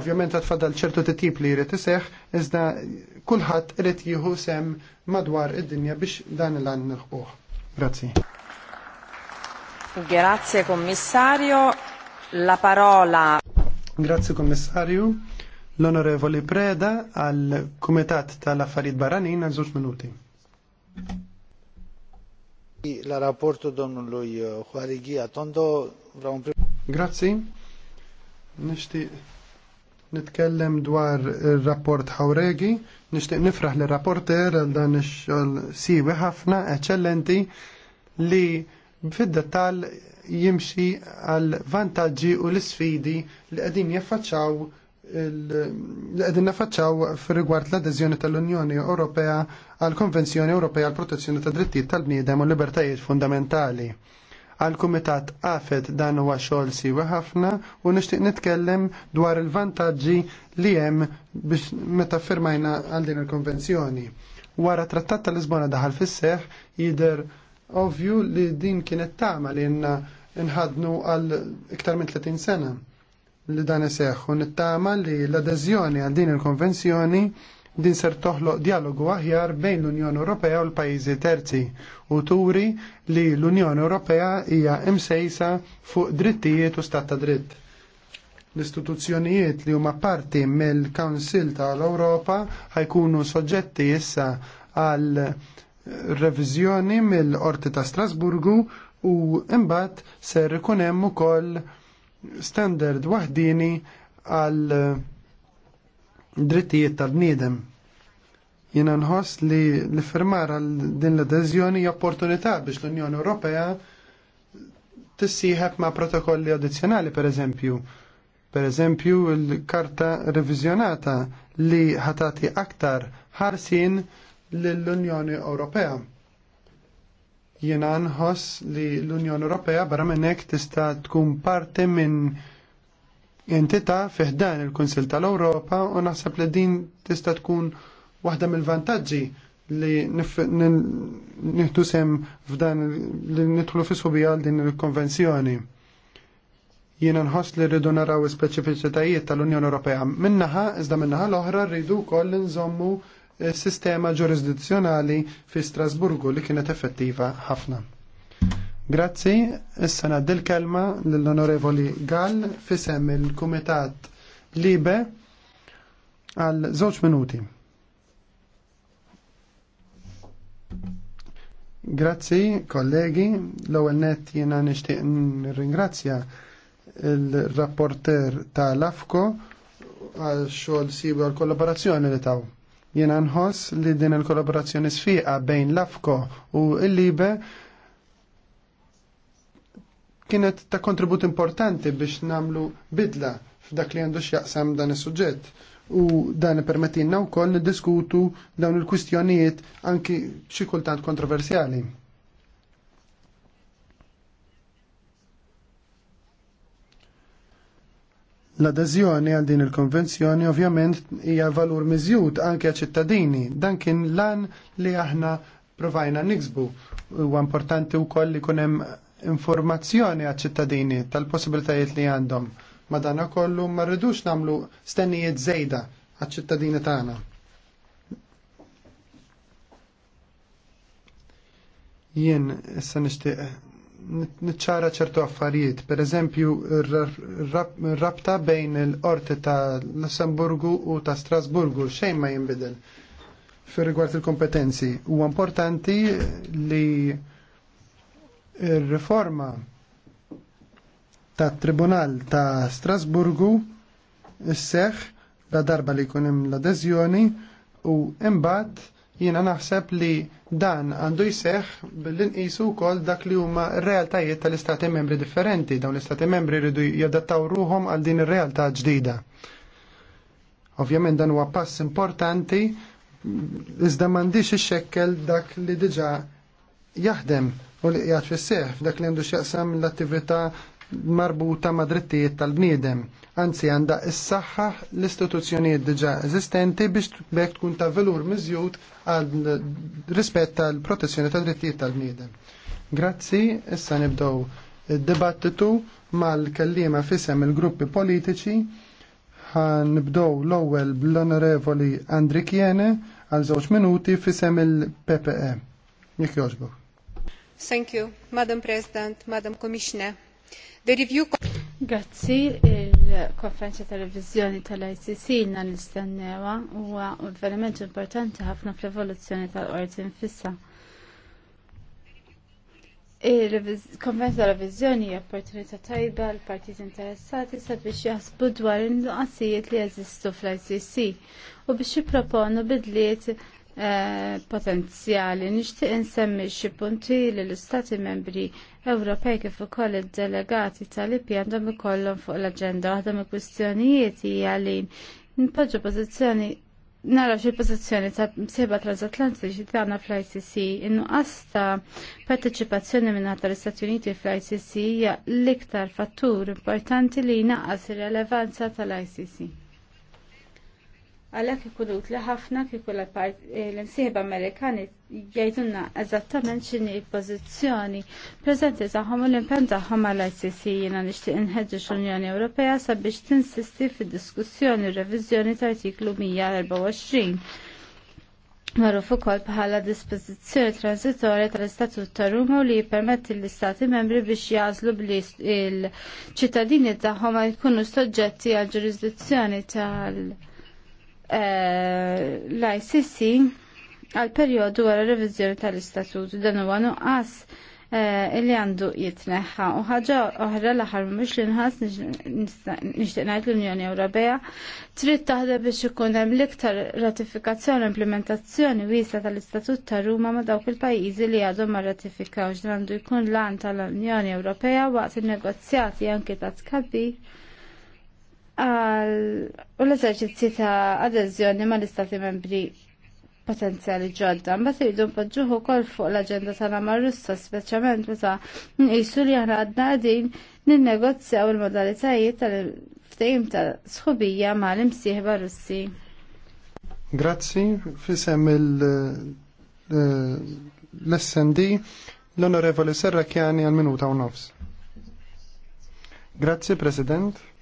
ovvjament għatfadal ċertu t-tip li jrid iseħ, iżda kullħat irid jieħu sem madwar id-dinja biex dan l-għan nħuħ. Grazie. Grazie Commissario. La parola. Grazie Commissario. L'onorevole Preda al Comitat tal-Affarijiet Barranin għal żewġ minuti. La rapporto domnului Juarighi Atondo vreau un Grazie. Nishti nitkellem dwar il-rapport Hawregi, nishtiq nifraħ li rapporter għal dan ix-xogħol siwi ħafna, eċċellenti li fid-dettall jimxi għal vantaġġi u l-sfidi li qegħdin jaffaċċaw li qegħdin naffaċċaw fir l-adeżjoni tal-Unjoni Ewropea għall Konvenzjoni Ewropea għall Protezzjoni tad Drittijiet tal-Bniedem u l Libertajiet Fundamentali għal kumitat għafet dan huwa xogħol siwi ħafna u nixtieq nitkellem dwar il-vantaġġi li hemm biex meta firmajna għal din il-konvenzjoni. Wara trattat tal Lisbona daħal fis-seħ jidher ovvju li din kienet tama li jenna nħadnu għal iktar minn 30 sena li dan iseħħ u nittama li l-adeżjoni għal din il-konvenzjoni din ser toħloq dialogu aħjar bejn l-Unjoni Ewropea u l-pajjiżi terzi u turi li l-Unjoni Ewropea hija msejsa fuq drittijiet u stat ta' dritt. L-istituzzjonijiet li huma parti mill-Kansil tal-Ewropa ħajkunu soġġetti issa għal reviżjoni mill-Qorti ta' Strasburgu u imbagħad ser ikun hemm ukoll standard waħdini għal drittijiet tal-bniedem. Jena nħoss li l-firmar għal din l adezjoni opportunità biex l-Unjoni Ewropea tissieħab ma' protokolli addizzjonali per eżempju. Per eżempju, l karta revizjonata li ħatati aktar ħarsin l-Unjoni Ewropea. Jena nħoss li l-Unjoni Ewropea barra minnek tista' tkun parte minn entità fiħdan il-Kunsil tal-Ewropa u naħseb li din tista' tkun waħda mill-vantaġġi li nieħdu sem f'dan li nidħlu fi subija din il-konvenzjoni. Jiena nħoss li rridu naraw is-speċifiċitajiet tal-Unjoni Ewropea. Minnaħa, iżda minnaħa l-oħra rridu wkoll nżommu sistema ġurisdizzjonali fi Strasburgu li kienet effettiva ħafna. Grazzi, issa naddi l-kelma l-Onorevoli Gall fisem il-Kumitat Libe għal żewġ minuti. Grazzi, kollegi. L-ewwel net jiena nixtieq nirringrazzja il-rapporter tal Lafko għal xogħol sibu għal kollaborazzjoni li taw. Jiena nħoss li din il-kollaborazzjoni sfiqa bejn l u l-Libe kienet ta' kontribut importanti biex namlu bidla f'dak li għandu x'jaqsam dan is-suġġett u dan permettinna wkoll niddiskutu dawn il-kwistjonijiet anki xi kultant kontroversjali. L-adeżjoni għal din il-konvenzjoni ovvjament hija valur miżjud anke ċittadini. Dan kien lan li aħna provajna niksbu. Huwa importanti wkoll li kunem hemm informazzjoni għat ċittadini tal-possibilitajiet li għandhom. Madana kollu ma rridux namlu stennijiet zejda għat ċittadini tagħna. Jien issa nixtieq niċċara ċertu affarijiet, per eżempju rabta bejn il-qorti ta' Lussemburgu u ta' Strasburgu xejn ma jinbidel fir rigward il-kompetenzi. Huwa importanti li Ir-riforma tat Tribunal ta' Strasburgu s-seħ la darba li jkun hemm l-adeżjoni u imbat jiena naħseb li dan għandu jseħ bil-inqisu wkoll dak li huma r-realtajiet tal-istati membri differenti, dawn l-istati membri jridu jadattaw ruhom għal din ir-realtà ġdida. Ovvjament dan huwa pass importanti iżda m'għandix ixekkel dak li diġà jaħdem u li qiegħed fis-seħ dak li għandu x'jaqsam l-attività marbuta ma' drittijiet tal-bniedem. Anzi għandha saxħa l-istituzzjonijiet diġà eżistenti biex bekk tkun ta' velur miżjud għal rispett tal-protezzjoni ta' drittijiet tal-bniedem. Grazzi, issa nibdew id-dibattitu mal-kellima fisem il-gruppi politiċi. Nibdew l-ewwel bl-Onorevoli Andri Kiene għal żewġ minuti fisem il-PPE. Jekk You, Madam President, Madam Grazzi, il-konferenza televizjoni tal-ICC na istennewa huwa verament importanti ħafna fl-evoluzzjoni tal qorti nf'issa. Il-konferenza tal-Revizjoni hija opportunità tajba l partiti interessati sabiex jaħsbu dwar in-nuqqasijiet li jeżistu fl-ICC u biex jipproponu bidliet Eh, potenzjali. Nixtieq insemmi xi punti li l-Istati Membri Ewropej kif ukoll id-delegati tal-IP għandhom ikollhom fuq l-aġenda waħda mill kwistjonijiet hija li npoġġu pożizzjoni naraw xi pożizzjoni ta' msieba transatlantiċi tagħna fl-ICC innuqas ta' parteċipazzjoni minn tal-Istati Uniti fl-ICC hija l-iktar fattur importanti li jnaqqas ir-relevanza tal-ICC għalhekk ikun li ħafna kieku l-imsieħba Amerikani jgħidulna eżattament x'inhi l-pożizzjoni preżenti u l-impenn tagħhom għall-ICC jina nixtieq inħeġġeġ l-Unjoni Ewropea sabiex tinsisti fid-diskussjoni r-reviżjoni ta' artiklu 124 Marruf ukoll bħala dispożizzjoni transitorja tal-Istatut ta' Ruma li jippermetti l-Istati membri biex jażlu bli il-ċittadini tagħhom ma jkunu soġġetti għal ġurisdizzjoni tal- Eh, l-ICC għal periodu għara revizjoni tal-istatut dan huwa nuqqas eh, illi għandu jitneħħa u ħaġa oħra l-aħħar mhux li nħass nixtieq ngħid l-Unjoni Ewropea trid taħdem biex ikun hemm l-iktar ratifikazzjoni u implementazzjoni wiesa tal-Istatut ta' Ruma ma' dawk il-pajjiżi li għadhom ma ratifikawx dan għandu jkun l-għan tal-Unjoni Ewropea waqt in-negozjati anke ta' tkabbir u l-eżerċizzi ta' adeżjoni ma' l-istati membri potenzjali ġodda. se iridu npoġġuh ukoll fuq l agenda tagħna mar-Russa, speċjalment meta nqisu li għana għadna qegħdin ninnegozjaw il-modalitajiet tal ftajim ta' sħubija l imsieħba Russi. Grazzi, fisem eh, l-SND l-Onorevoli Serra Kjani għal minuta u nofs. Grazzi, President.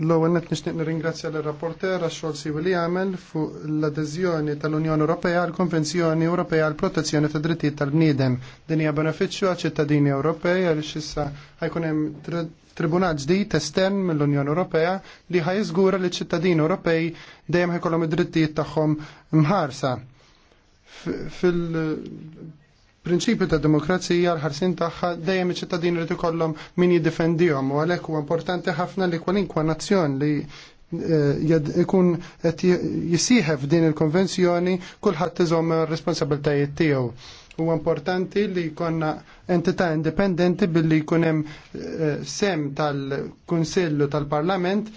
L-ewwel qed nirringrazzja l rapporter għax-xogħol siwi li għamel fuq l adezjoni tal-Unjoni Ewropea għall konvenzjoni Ewropea għall protezzjoni tad drittijiet tal-bniedem. Din hija benefiċċju għaċ-ċittadini Ewropej għaliex issa ħajkun hemm tribunal ġdid estern mill-Unjoni Ewropea li ħajżgura li ċittadini Ewropej dejjem ħajkollhom id-drittijiet tagħhom mħarsa fil prinċipju ta' demokrazija l-ħarsin tagħha dejjem iċ-ċittadini rid ikollhom min jiddefendihom u għalhekk huwa importanti ħafna li kwalinkwa nazzjon li eh, ikun qed jisieħef din il-konvenzjoni kulħadd iżomm ir-responsabbiltajiet tiegħu. Huwa importanti li jkollna entità indipendenti billi jkun hemm eh, sem tal-Kunsillu tal-Parlament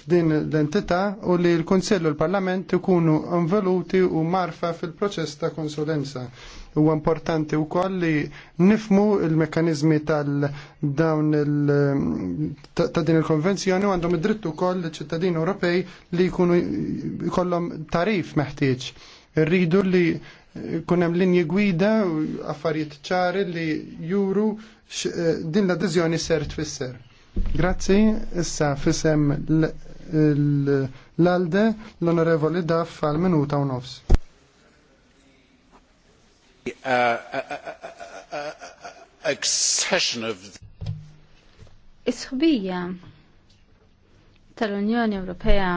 f'din l-entità u li l-Kunsillu l-Parlament ikunu involuti u marfa fil-proċess ta' konsulenza Huwa importanti wkoll li nifmu il-mekkaniżmi tal-dawn ta' din il-konvenzjoni u għandhom id-dritt ukoll l-ċittadini Ewropej li jkunu jkollhom tarif meħtieġ. Rridu li kunem linji gwida u affarijiet ċari li juru eh, din l-adizjoni ser tfisser. Grazzi, issa fissem l-alde l-onorevoli daff għal minuta u nofs. Uh, uh, uh, accession of Isħbija tal-Unjoni Ewropea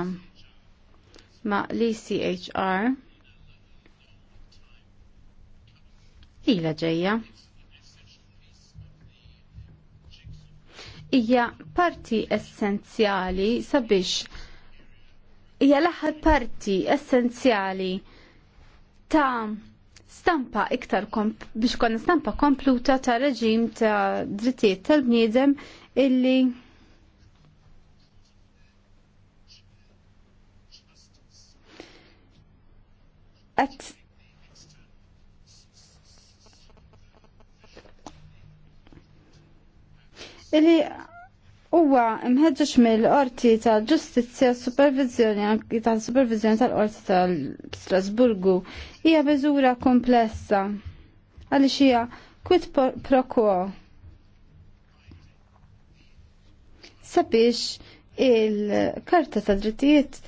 ma' l-ECHR ila ġejja. Ija parti essenzjali sabiex ija l-aħħar parti essenzjali ta' stampa iktar biex konna stampa kompluta ta' reġim ta' drittijiet tal-bniedem illi għat illi huwa mħeġġeġ mill-qorti tal-ġustizzja supervizjoni tal-supervizjoni tal-qorti tal-Strasburgu hija miżura komplessa għaliex hija quid pro quo. Sabiex il-Karta ta' Drittijiet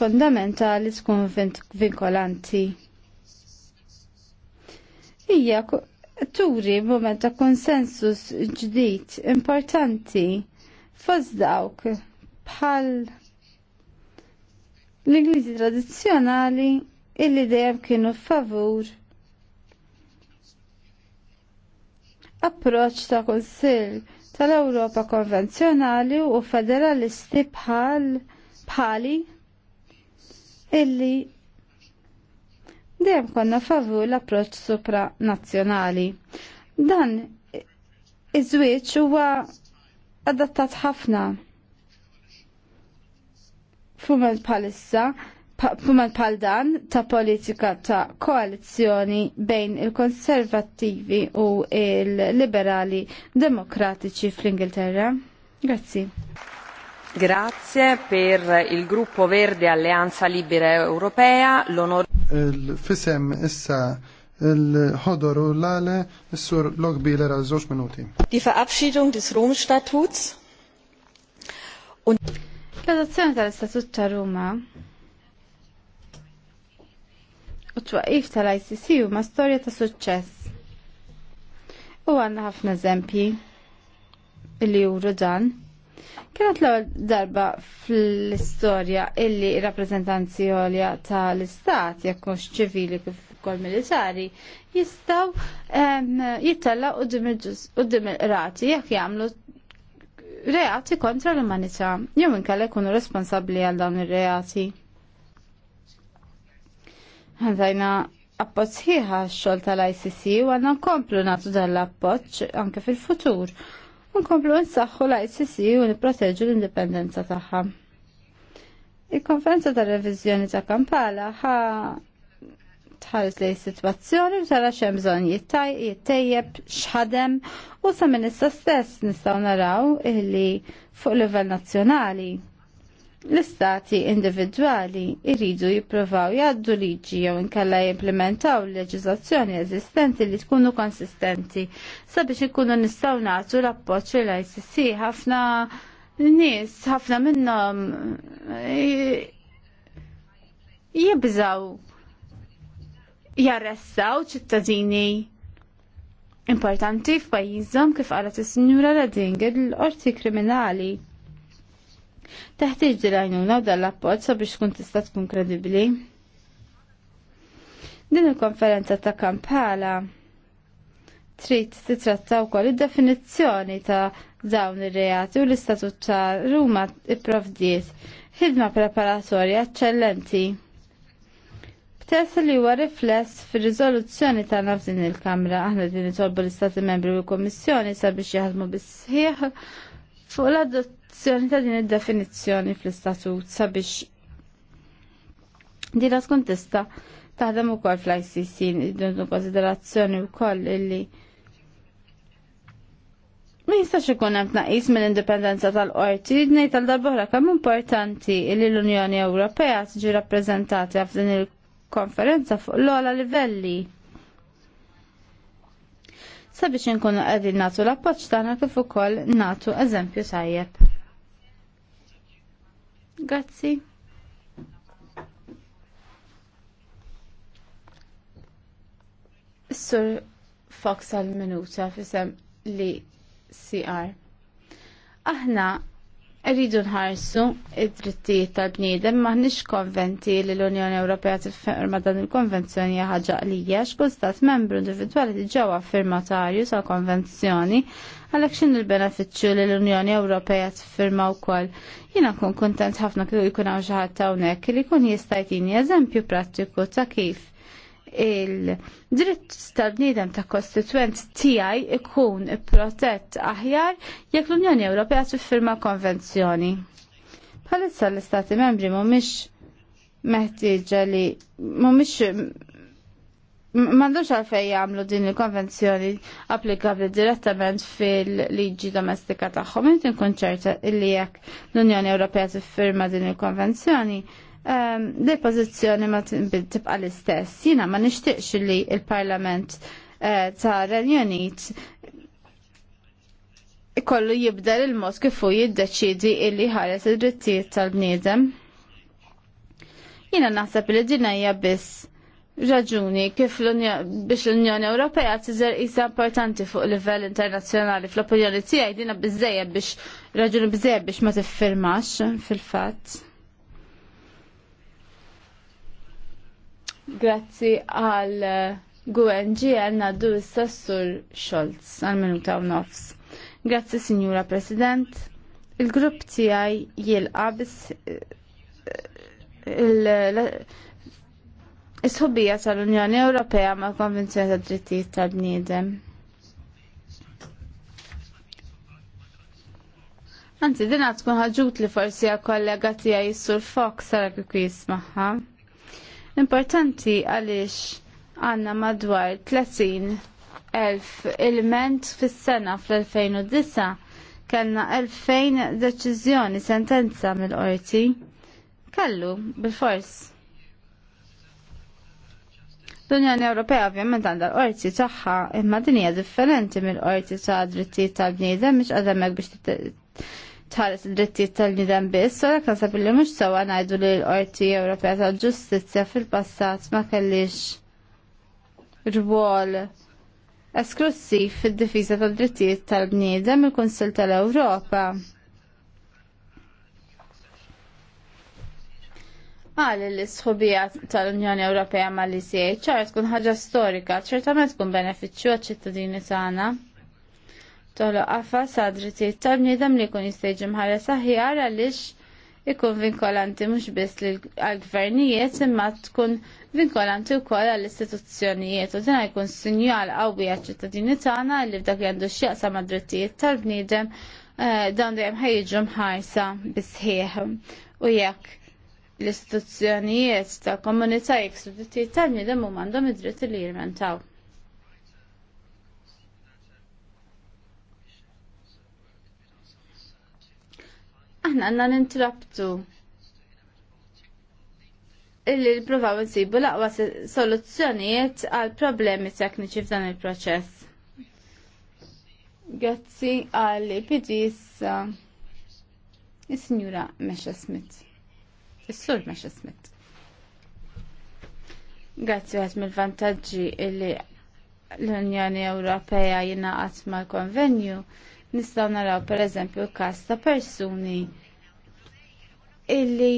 Fundamentali tkun vinkolanti. Hija turi moment ta' konsensus ġdid importanti Fos dawk bħal l-Ingliżi tradizzjonali illi dejjem kienu favur approċ ta' kunsill tal-Ewropa konvenzjonali u federalisti bħal bħali illi dejjem konna favur l-approċ supranazzjonali. Dan iż-żwieġ huwa adattat ħafna. Fument palissa, fument pal dan ta' politika ta' koalizzjoni bejn il-konservativi u il-liberali demokratiċi fl-Ingilterra. Grazie. Grazie per il gruppo Verde Alleanza Libera Europea. L'onore. Fisem issa il-ħodor l-għale s-sur Lokbiler għal żewġ minuti. Die Verabschiedung des Rom-Statuts L-adozzjoni tal statut ta' Roma u t twaqif tal-ICC huma storja ta' suċċess. U għandna ħafna eżempji illi juru dan. Kienet l-ewwel darba fl-istorja illi rappreżentanzi għolja tal-istat jekk mhux ċivili kif kol militari jistgħu jittalla quddiem il-qrati jekk jagħmlu reati kontra l-umanità jew inkella jkunu responsabbli għal dawn ir-reati. Għandajna appoċ ħieħa xol tal-ICC u għanna komplu natu dal-appoċ anke fil-futur. Nkomplu nsaxħu l-ICC u niproteġu l-indipendenza tagħha. Il-konferenza tal-revizjoni ta' Kampala ħa tħares lej situazzjoni u tara xem bżon jittajjeb xħadem u sa minn issa stess nistaw naraw illi fuq livell nazzjonali l-istati individwali jridu jipprovaw jgħaddu liġi jew inkella jimplementaw l-leġiżlazzjoni eżistenti li tkunu konsistenti sabiex ikunu nistgħu nagħtu l-appoġġ l-ICC ħafna nies ħafna minnhom eh, jibżaw jarrestaw ċittadini importanti f'pajjiżhom kif qalet is-Sinjura Reding il qorti kriminali. Teħtieġ dilajnuna u dan l-appoġġ sabiex tkun tista' tkun kredibbli. Din il-konferenza ta' Kampala trid titratta wkoll id-definizzjoni ta' dawn ir-reati u l-istatut ta' Ruma ipprovdiet ħidma preparatorja eċċellenti stess li huwa rifless fir-riżoluzzjoni tagħna f'din il-Kamra aħna din itolbu l-Istati Membri u l-Kummissjoni sabiex jaħdmu bis-sħiħ fuq l-adozzjoni ta' din id-definizzjoni fl-istatut sabiex din tkun tista' taħdem ukoll fl-ICC dun konsiderazzjoni wkoll illi Ma jistax ikun hemm tnaqqis mill-indipendenza tal-qorti, ngħid tal-darbohra kemm importanti li l-Unjoni Ewropea tiġi rappreżentati f'din il konferenza fuq l-ola livelli. Sabiex inkunu qegħdin nagħtu l-appoġġ tagħna kif ukoll nagħtu eżempju tajjeb. Grazzi. Sur Fox għal-minuta fisem li CR. Aħna Rridu nħarsu id-drittijiet tal-bniedem maħniex konventi li l-Unjoni Ewropea tifferma dan il-konvenzjoni ħaġa għalija kull stat membru individwali ġewwa firmatarju sa' konvenzjoni għalhekk x'in il-benefiċċju li l-Unjoni Ewropea tiffirma wkoll. Jiena kun kuntent ħafna kieku jkun hawn xi ħadd hawnhekk li jkun jista' jtini eżempju prattiku ta' kif il-dritt tal-bniedem ta' kostituent tiegħi ikun protett aħjar jekk l-Unjoni Ewropea tiffirma konvenzjoni. Bħalissa l-Istati membri mhumiex meħtieġa li mhumiex m'għandux għalfej jagħmlu din il-konvenzjoni applikabli direttament fil-liġi domestika tagħhom. Inti nkun ċerta li jekk l-Unjoni Ewropea tiffirma din il-konvenzjoni, Ehm, li pożizzjoni ma tibqa l-istess. Jiena ma nixtieqx li l parlament eh, ta' Renjonit kollu jibdel il-mod kif hu jiddeċidi illi ħares id-drittijiet tal-bniedem. Jiena naħseb li din hija biss raġuni kif biex l-Unjoni Ewropea tiżer isa importanti fuq livell internazzjonali fl-opinjoni tiegħi dina biżejjed biex raġuni biżejjed biex ma tiffirmax fil-fatt. Grazzi għal eh, GUNGL naddu s-sassur Scholz għal-minuta u nofs. Grazzi, Signora President. Il-grupp tijaj jilqabis eh, il-sħubija eh, tal-Unjoni Ewropea ma' konvenzjoni tad drittijiet tal-bniedem. Anzi, din tkun ħagġut li forsi kollega tijaj jissur Fox sara kik jismaħħa. Importanti għaliex għandna madwar 30.000 ilment fis-sena fl-2009 kellna 2000 deċiżjoni sentenza mill-qorti. Kellu, bil-fors. L-Unjoni Ewropea ovvjament għandha l-qorti tagħha imma din hija differenti mill-qorti ta' drittijiet tal-bniedem mhix għadhemmek biex tħares id-drittijiet tal-nidem biss, wara kasa billi mux mhux sewwa ngħidu li l-Qorti Ewropea tal-Ġustizzja fil-passat ma kellix rwol esklusiv fid-difiża tad-drittijiet tal-bniedem il-Kunsil tal-Ewropa. Għal l-isħubija tal-Unjoni Ewropea ma li sej, ċar tkun ħaġa storika, ċertament tkun benefiċċju għat ċittadini tagħna toħloq qafas sa' drittijiet tal-bniedem li jkun ħala mħares aħjar għaliex ikun vinkolanti mhux biss għall-gvernijiet imma tkun vinkolanti wkoll għall-istituzzjonijiet u dina jkun sinjal qawwi għaċ-ċittadini tagħna li f'dak li għandu x'jaqsa ma' drittijiet tal-bniedem eh, dawn dejjem ħajsa bis bisħieħ u jekk l-istituzzjonijiet tal komunità jeksu drittijiet tal-bniedem u m'għandhom id dritti li jirmentaw. aħna għanna nintrabtu illi l-provaw nsibu laqwa soluzzjonijiet għal problemi tekniċi f'dan il-proċess. Grazzi għalli pidis il-Sinjura Mesha Smith. Is-Sur Mesha Smith. Grazzi għat mill-vantagġi illi l-Unjoni Ewropea jina għatma l-konvenju Nistgħu naraw pereżempju każ ta' persuni illi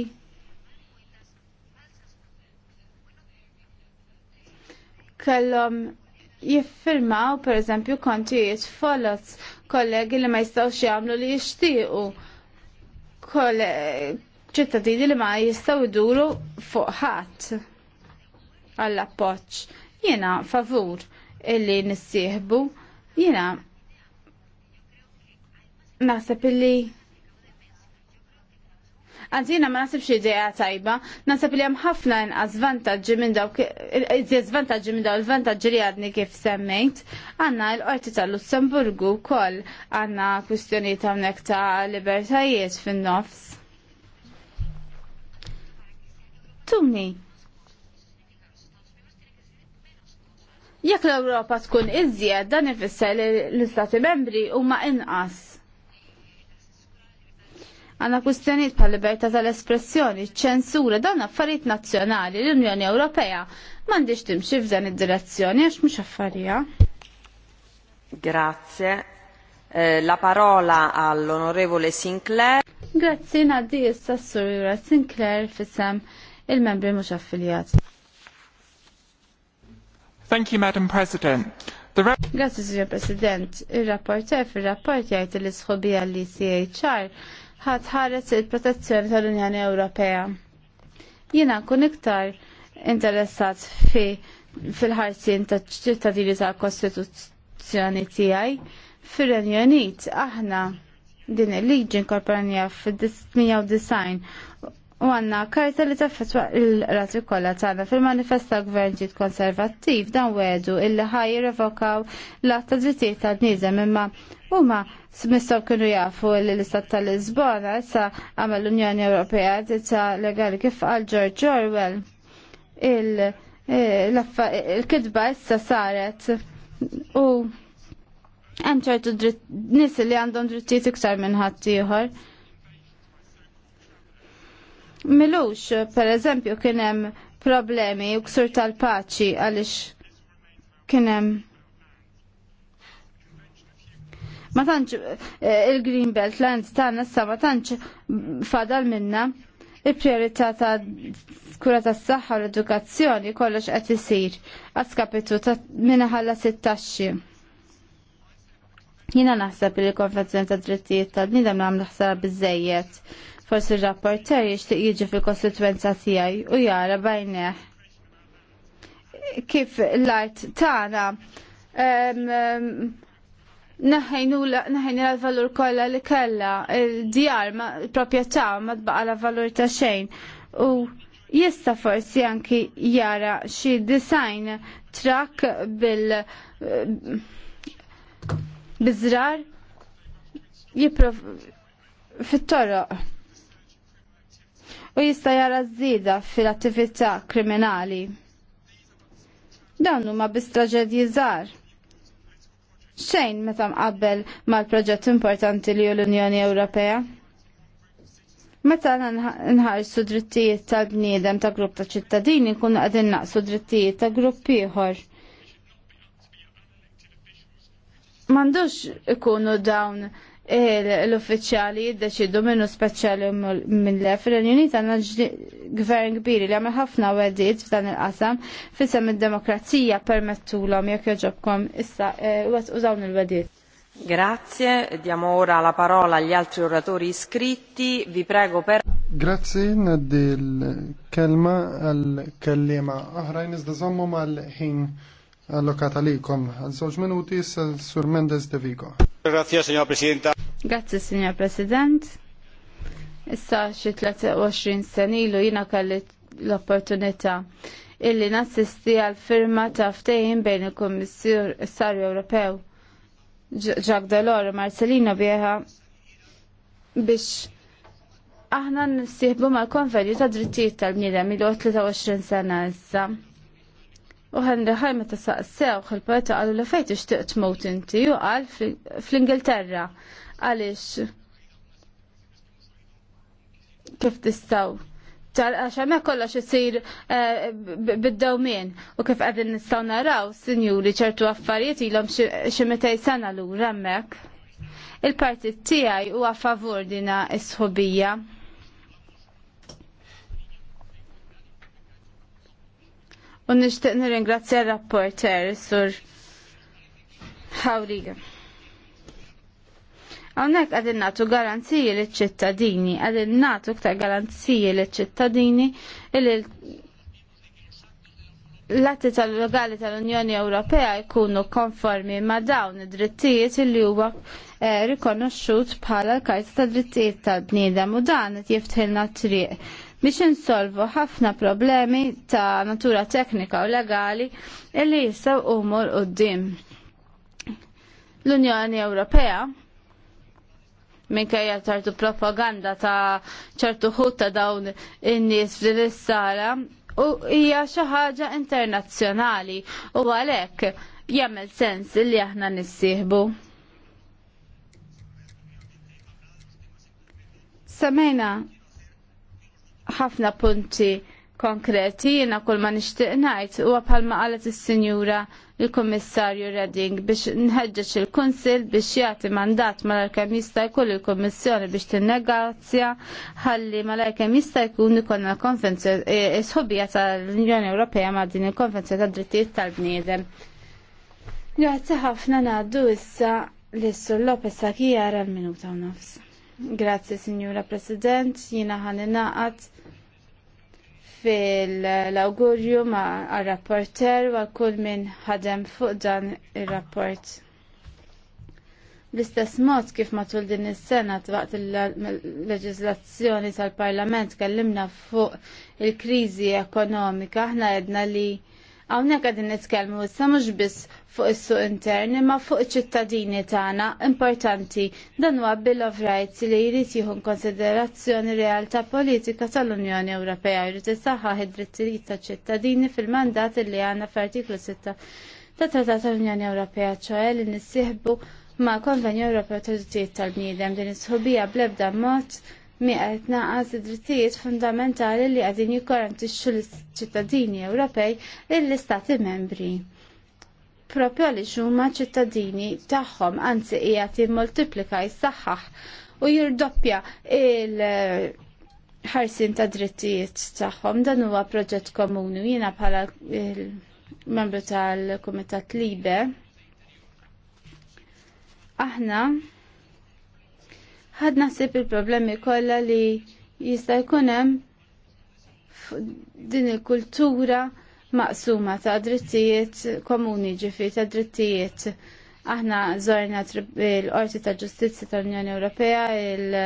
kellhom jiffirmaw pereżempju kontijiet folot kollegi li ma jistgħux jagħmlu li jixtiequ ċittadini li ma jistgħu jduru fuq ħadd għall appoġġ Jiena favur illi nissieħbu jiena naħseb illi Għazina ma xie ideja tajba, nasib li hemm ħafna inqas vantaġġi minn dawk, minn daw il-vantaġġi li għadni kif semmejt. Għandna l-qorti tal-Lussemburgu wkoll għandna ta' mnek ta' libertajiet fin-nofs. Tumni. Jekk l-Ewropa tkun iżjed dan ifisser li l-Istati Membri huma inqas Għanna kustjoniet pa' libertà tal-espressjoni, ċensura, dan affarijiet nazzjonali, l-Unjoni Ewropea m'għandix timxi f'dan id-direzzjoni għax mhux affarija. Grazie. Eh, la parola all'onorevole Sinclair. Grazie ngħaddi issa s-Sur Sinclair fissam il-membri mhux affiljat. Thank you, Madam President. Grazie, Signor President. Il-rapporter fil-rapport jgħid li sħobija li CHR ħatħares il-protezzjoni tal-Unjoni Ewropea. Jiena kun iktar interessat fi fil-ħarsin ta' ċittadini ta' kostituzzjoni tiegħi fir-Renju Unit aħna din il-liġi inkorporanja fil 19 u għanna karta li taffetwa il-rati kollha tagħna fil-manifesta gvern konservativ konservattiv dan wedu il ħaj revokaw l-att ta' drittijiet tal-bniedem imma huma smissaw kienu jafu li l-istat tal-Lisbona issa għamel l-Unjoni Ewropea dita legali kif għal George Orwell il-kidba issa saret u hemm ċertu nis li għandhom drittijiet iktar minn ħattijħor. ieħor. Milux, per eżempju, kien hemm problemi u ksur tal-paċi għaliex kien hemm Ma tantx eh, il-Green Belt Land tagħna sa ma tantx fadal minna il-priorità ta' kura tas saħħa u l-edukazzjoni kollox qed isir għaskapitu ta' minna ħalla sittaxxi. Jina naħseb li l ta' drittijiet ta' bniedem nagħmlu ħsara biżejjed. Forsi r-rapporter jixtieq jiġi fil-kostituenza tiegħi u jara bajneħ kif l-art tagħna um, um, Naħajnu l-valur kolla li kella, il-djar, il-propieta, ma tbaqa la valur ta' xejn. U jista forsi anki jara xi design trak bil bizrar jiprof fit-toroq. U jista jara zida fil-attività kriminali. Dawn huma bis traġedji żgħar xejn meta mqabbel mal-proġett importanti li l-Unjoni Ewropea. Meta nħarsu drittijiet tal-bniedem ta' grupp ta' ċittadini nkunu qegħdin naqsu drittijiet ta' grupp ieħor. M'għandux ikunu dawn Eh, l-uffiċjali jiddeċidu minnu speċjali mill le fil-Unjoni tagħna gvern kbir li għamil ħafna wedid f'dan il-qasam fisem id-demokrazija permettulhom jekk joġobkom issa eh, użawn il-wedid. Grazie, diamo ora la parola agli altri oratori iscritti. Vi prego per Grazie, naddi l-kelma għal-kellima. Aħrajn iżda zommu mal-ħin allokata likom. Għal-żoġ minuti s-Sur Mendes de Vigo. Grazie, signor Presidenta. Grazie, signor President. Issa xi 23 sen ilu jiena kelli l-opportunità illi nassisti għal firma ta' ftehim bejn il-Kummissarju Ewropew Jack Delor Marcelino bieħa biex aħna nissieħbu mal-konvenju ta' drittijiet tal-bniedem ilu 23 sena issa. U Henry ħaj meta saqsewħ il-poeta għallu li fejt ixtiq tmut inti u għal fl-Ingilterra għalix kif tistaw għax hemmhekk kollox isir eh, bid dawmin u kif qegħdin nistgħu naraw sinjuri ċertu affarijiet ilhom xi mitej sena lura hemmhekk. Il-partit tiegħi huwa favur dina s-sħobija. U nixtieq nirringrazzja r-rapporter sur Hawriga. Għonek għadin natu garanziji li ċittadini, għadin natu ktar garanziji li ċittadini li l-atti tal logali tal-Unjoni Ewropea jkunu konformi ma dawn id-drittijiet li huwa eh, rikonoxxut bħala l-Karta tad drittijiet tal-bniedem u dan qed jiftħilna triq biex insolvu ħafna problemi ta' natura teknika u legali illi jistaw umur u d L-Unjoni Ewropea minkajja ċertu propaganda ta' ċertu ħut ta' dawn in-nies f'din is-sala u hija xi ħaġa internazzjonali u għalhekk jagħmel sens li aħna nissieħbu. Samejna ħafna punti konkreti jena kol ma nishtiq najt u bħalma qalet il-Sinjura il-Kommissarju Redding biex nħedġeċ il-Konsil biex jagħti mandat mal-arkem jista' jkoll il-Kommissjoni biex tinnegozja ħalli mal-arkem jista' jkun ikollna l-konvenzjoni eh, sħobija tal-Unjoni Ewropea ma' din il-Konvenzjoni tad-Drittijiet tal-Bniedem. Grazzi ħafna ngħaddu issa l-Sur Lopez Sakija għal minuta u nofs. Grazzi, Signora President, jina ħaninaqat fil-augurju ma għal-rapporter u għal-kull minn ħadem fuq dan il-rapport. L-istess mod kif matul din is-sena waqt il-leġiżlazzjoni tal-Parlament kellimna fuq il-kriżi ekonomika aħna edna li hawnhekk qegħdin nitkellmu issa mhux biss fuq is-suq intern imma fuq iċ-ċittadini tagħna importanti dan huwa Bill of Rights li jrid jieħu konsiderazzjoni realtà politika tal-Unjoni Ewropea jrid isaħħaħ id-drittijiet taċ-ċittadini fil-mandat li għandna f'artiklu 6 tat Trattat tal-Unjoni Ewropea ċoe li nissieħbu ma' Konvenju Ewropew ta' drittijiet tal-Bniedem din is ħubija bl-ebda mod mi qed naqas id-drittijiet fundamentali li qegħdin jikkorantixxu l-ċittadini Ewropej lill istati membri propju għaliex huma ċittadini tagħhom anzi qiegħed jimmultiplika jissaxħax u jirdoppja il- ħarsin ta' drittijiet tagħhom dan huwa proġett komuni jiena bħala membru tal-Kumitat Libe. Aħna ħad nasib il-problemi kollha li jista' jkun hemm din il-kultura maqsuma ta' drittijiet komuni ġifi ta' drittijiet. Aħna zorna l-Qorti ta' Ġustizja tal-Unjoni Ewropea il-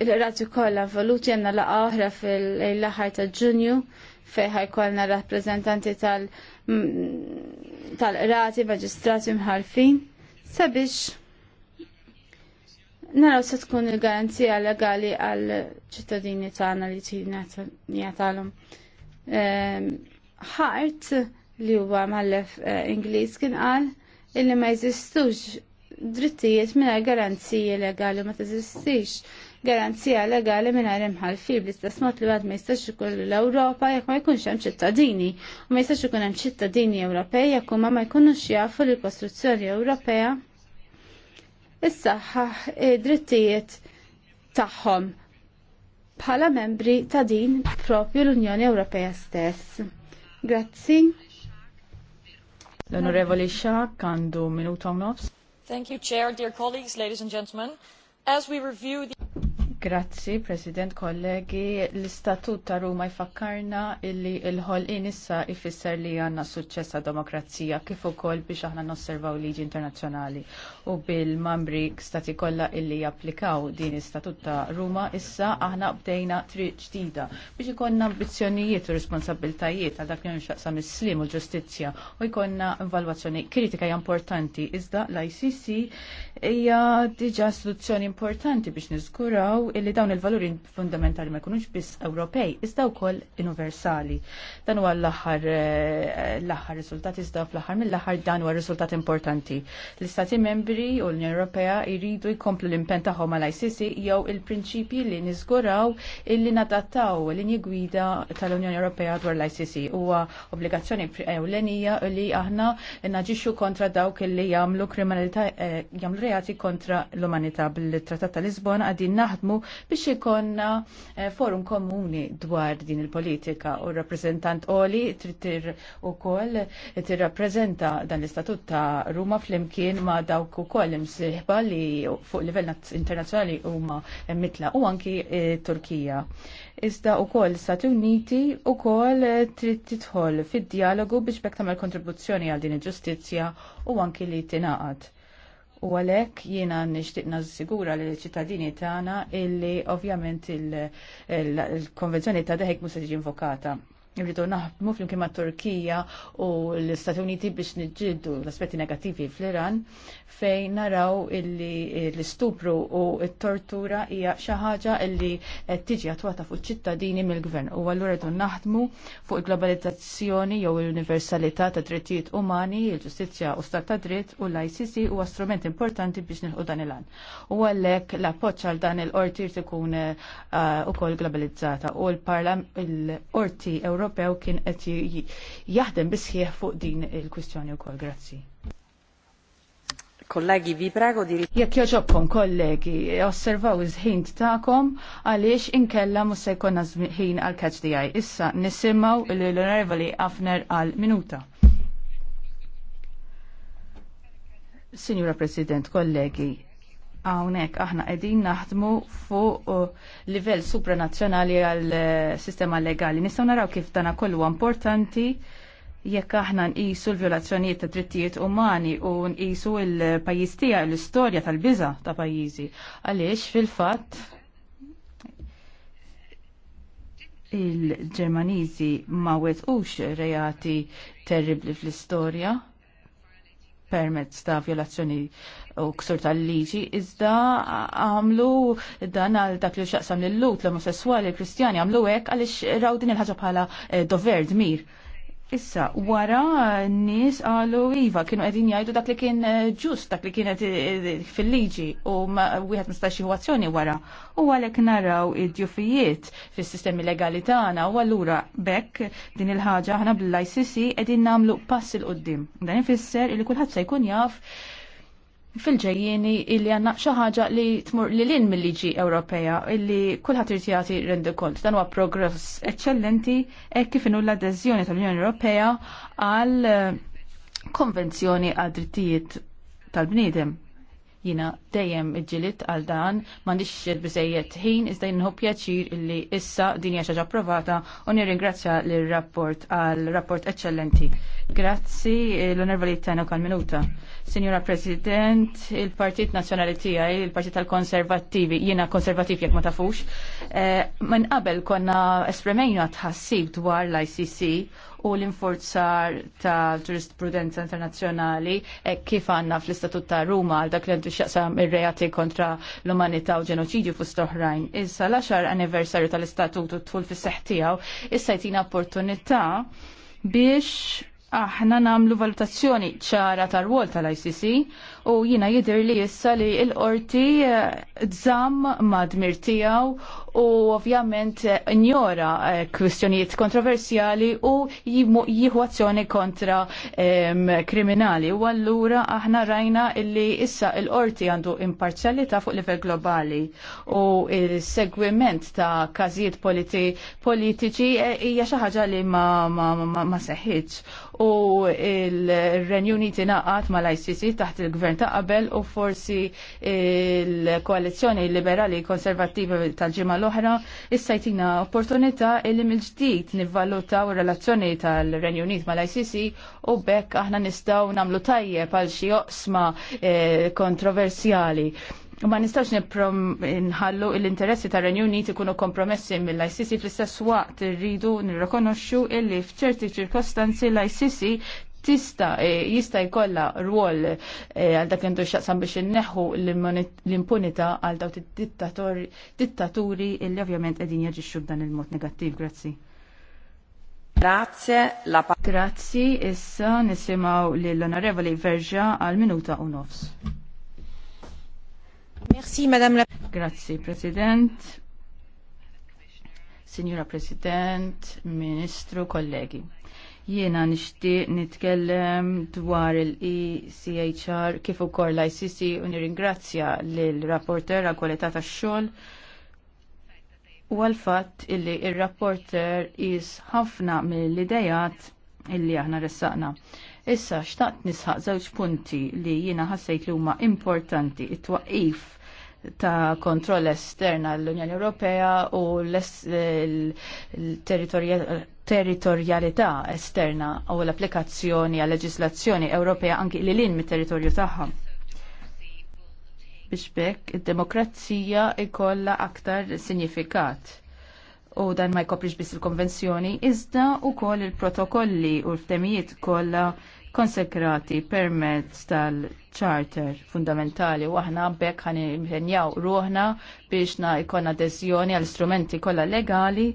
il-qrati kollha valuti għandna laqa oħra fil-aħħar ta' Ġunju fejn ħajkollna rappreżentanti tal- tal-qrati, maġistrati mħalfin sabiex naraw se tkun il-garanzija legali għal ċittadini tagħna li jagħtalhom ħart ehm, li huwa mallef eh, Ingliż kien qal illi ma jeżistux drittijiet mingħajr garanzija legali ma teżistix garanzija legali mingħajr imħalfin bl-istess mod li għad ma jistax ikun l-Ewropa jekk ma jkunx hemm ċittadini u ma jistax ikun hemm ċittadini Ewropej jekk huma ma jkunux jafu li l-kostruzzjoni Ewropea id e, drittijiet tagħhom bħala membri ta' din propju l-Unjoni Ewropea stess. Grazzi. L-Onorevoli Xak għandu minuta u nofs. Thank you, Chair, dear colleagues, ladies and gentlemen. As we review the Grazzi, President, kollegi. L-Istatut ta' Ruma jfakkarna illi il ħol issa ifisser li għanna suċċess demokrazija kif ukoll biex aħna nosservaw liġi internazzjonali u bil-mambri stati kollha illi japplikaw din istatut ta' Ruma issa aħna bdejna triq ġdida biex ikonna ambizzjonijiet u responsabiltajiet għal dak li nxaqsam is-slim u l-ġustizzja u jkollna evalwazzjoni kritika importanti iżda l-ICC hija diġa istituzzjoni importanti biex niżguraw illi dawn il-valuri fundamentali ma jkunux biss Ewropej, iżda wkoll universali. Dan huwa l-aħħar eh, l-aħħar riżultat iżda fl-aħħar mill-aħħar dan huwa riżultat importanti. L-istati membri membri u l-Unjoni Ewropea jridu jkomplu l-impen tagħhom għal ICC jew il-prinċipji li niżguraw illi nadattaw linji gwida tal-Unjoni Ewropea dwar l-ICC. Huwa obbligazzjoni ewlenija li aħna naġixxu kontra dawk li jagħmlu kriminalità eh, jagħmlu reati kontra l-umanità bil-Trattat ta' Lisbona qegħdin naħdmu biex ikonna eh, forum komuni dwar din il-politika u rappreżentant Oli trittir ukoll tirrappreżenta dan l-Istatut ta' Ruma flimkien ma' dawk u koll imsiħba li fuq livell internazzjonali huma mitla u anki e, Turkija. Iżda u koll Stati Uniti u koll trid tidħol fid-dialogu biex bekk tagħmel kontribuzzjoni għal din il-ġustizzja u anki li tingħaqad. U għalek jiena nishtiq nażigura li ċittadini tagħna illi ovvjament il-konvenzjoni ta' deħek mhux tiġi invokata. Irridu naħdmu flimkien mat Turkija u l-Istati Uniti biex niġġieldu l-aspetti negattivi fl-Iran fejn naraw illi l-istupru u t-tortura hija xi ħaġa illi qed tiġi attwata fuq ċittadini mill-gvern. U allura rridu naħdmu fuq il-globalizzazzjoni jew l-universalità ta' drittijiet umani, il-ġustizzja u stat ta' dritt u l-ICC huwa strument importanti biex nilħu dan il-għan. U għallek l-appoċ għal dan il-qorti tkun uh, ukoll globalizzata u l parlament il-qorti Ewropa Ewropew kien qed jaħdem bisħieħ fuq din il-kwistjoni wkoll. Grazzi. Kollegi, vi prego di... Jekk joġobkom, kollegi, osservaw iż-ħin ta'kom għaliex inkella mhux se jkollna ħin għal catch the eye. Issa nisimgħu l-Onorevoli Afner għal minuta. Signora President, kollegi, Hawnhekk aħna qegħdin naħdmu fuq uh, livell supranazzjonali għal uh, sistema legali. Nistgħu naraw kif dana kollu importanti jekk aħna nqisu l-violazzjonijiet ta' drittijiet umani u nqisu l-pajjiż l-istorja tal-biża ta' pajjiżi. Għaliex fil-fatt il-Ġermaniżi ma wetqux reati terribli fl-istorja permezz ta' violazzjoni u ksur tal-liġi, iżda għamlu dan għal dak li xaqsam l-lut l-omosessuali l-kristjani għamlu għek għalix raw din il-ħagġa bħala eh, dover dmir. Issa, wara n-nies għalu Iva, kienu għedin jgħidu dak li kien eh, ġust, dak li kienet eh, eh, fil-liġi u wieħed nistax azzjoni wara. U għalek naraw id-djufijiet fis-sistemi legali tagħna u allura bekk din il-ħaġa aħna bl-ICC qegħdin nagħmlu pass il qoddim Dan ifisser li kulħadd se jkun jaf fil-ġejjeni illi għanna xaħġa li tmur li l-in mill-liġi Ewropea illi kullħat irtijati rendi kont. Dan huwa progress eccellenti e kifinu l-adeżjoni tal-Unjoni Ewropeja għal eh, konvenzjoni għad drittijiet tal-bniedem. Jina dejjem iġġilit għal dan, m'għandix biżejjed ħin, iżda nħu pjaċir illi issa din hija xaġa approvata u nirringrazzja l rapport għal rapport eccellenti. Grazzi l-onervali t kal minuta. Signora President, il-Partit Nazjonali tiegħi, il-Partit tal-Konservattivi, jiena konservattiv jekk ma tafux, eh, minn qabel konna esprimejna tħassib dwar l-ICC u l-inforzar tal-ġurisprudenza internazzjonali eh, kif għanna fl-Istatut ta' Ruma għal dak li għandu xaqsam ir-reati kontra l-umanità u ġenoċidju fost oħrajn. Issa l-10 anniversarju tal-Istatut u t tul fis seħħ tiegħu issa jtina opportunità biex aħna namlu valutazzjoni ċara tal-wol tal-ICC u jina jidher li jissa li il-qorti eh, dżam madmir tijaw u ovvjament njora eh, kwistjonijiet kontroversjali u jieħu azzjoni kontra kriminali. U allura aħna rajna illi issa il-qorti għandu imparzjalità fuq livell globali u il-segwiment ta' kazijiet politiċi eh, hija xi ħaġa li ma, ma, ma, ma seħħitx u il-Renju Uniti ma mal-ICC taħt il-gvern il-gvern ta' qabel u forsi il-koalizjoni liberali konservativi tal-ġimgħa l-oħra issa jtina opportunità li mill-ġdid nivvalutaw ir-relazzjoni tal-Renju Unit mal-ICC u bekk aħna nistgħu nagħmlu tajjeb għal xi oqsma eh, kontroversjali. Ma nistax nħallu l-interessi ta' Unit ikunu kompromessi mill-ICC fl-istess waqt irridu nirrikonoxxu illi f'ċerti ċirkostanzi l-ICC tista e, jista jkollha rwol e, għal dak li xaqsam biex neħu l-impunità għal dawk id-dittaturi illi ovvjament qegħdin jaġixxu b'dan il-mod negattiv. Grazzi. Grazie, la pa. Grazzi, issa nisimaw l-Onorevoli Verġa għal minuta u nofs. Merci, Madame la... Grazie, President. Signora President, Ministru, kollegi Jiena nixtieq nitkellem dwar il-ECHR kif ukoll l-ICC u nirringrazzja lill-rapporter għal kwalità tax-xogħol u għal fatt illi il-rapporter is ħafna mill-idejat illi aħna ressaqna. Issa xtaqt nisħaq żewġ punti li jiena ħassejt li huma importanti it-twaqif ta' kontroll esterna l-Unjoni Ewropea u l-territorja territorjalità esterna u l-applikazzjoni għal leġislazzjoni Ewropea anki li lin mit-territorju tagħha. Biex bekk id-demokrazija jkollha aktar sinifikat u dan ma jkoprix biss il-konvenzjoni iżda wkoll il-protokolli u l-ftemijiet kollha konsekrati permezz tal-charter fundamentali u aħna bekk ħan ruħna biex na jkun adeżjoni għall istrumenti kollha legali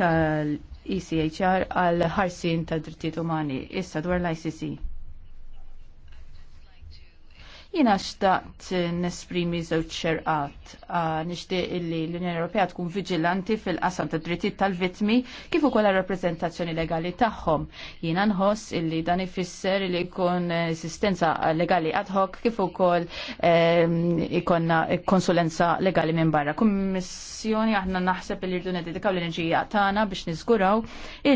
tal-ECHR għal ħarsin tad drittijiet umani, issa dwar l-ICC. Jina xtaqt nesprimi żewġ xerqat. Nixtieq illi l-Unjoni Ewropea tkun vigilanti fil-qasam ta' drittijiet tal-vitmi kif ukoll rappreżentazzjoni legali tagħhom. Jiena nħoss illi dan ifisser li jkun assistenza legali ad hoc kif ukoll ehm, ikonna konsulenza legali minn barra. Kummissjoni aħna naħseb illi rridu nedikaw l-enerġija tagħna biex niżguraw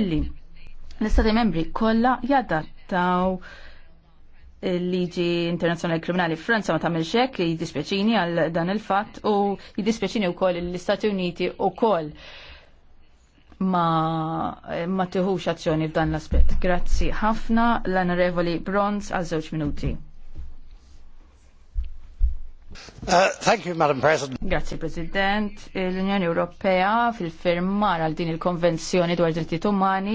illi l-Istati membri kollha jadattaw liġi internazjonali kriminali Franza ma tagħmel xek jiddispjaċini għal dan il-fatt u jiddispjaċini wkoll l-Istati Uniti wkoll ma ma tiħux azzjoni f'dan l-aspett. Grazzi ħafna l anarevoli Bronz għal żewġ minuti. Uh, Grazie, President. L-Unjoni Ewropea fil-firmar għal din il-Konvenzjoni dwar drittijiet umani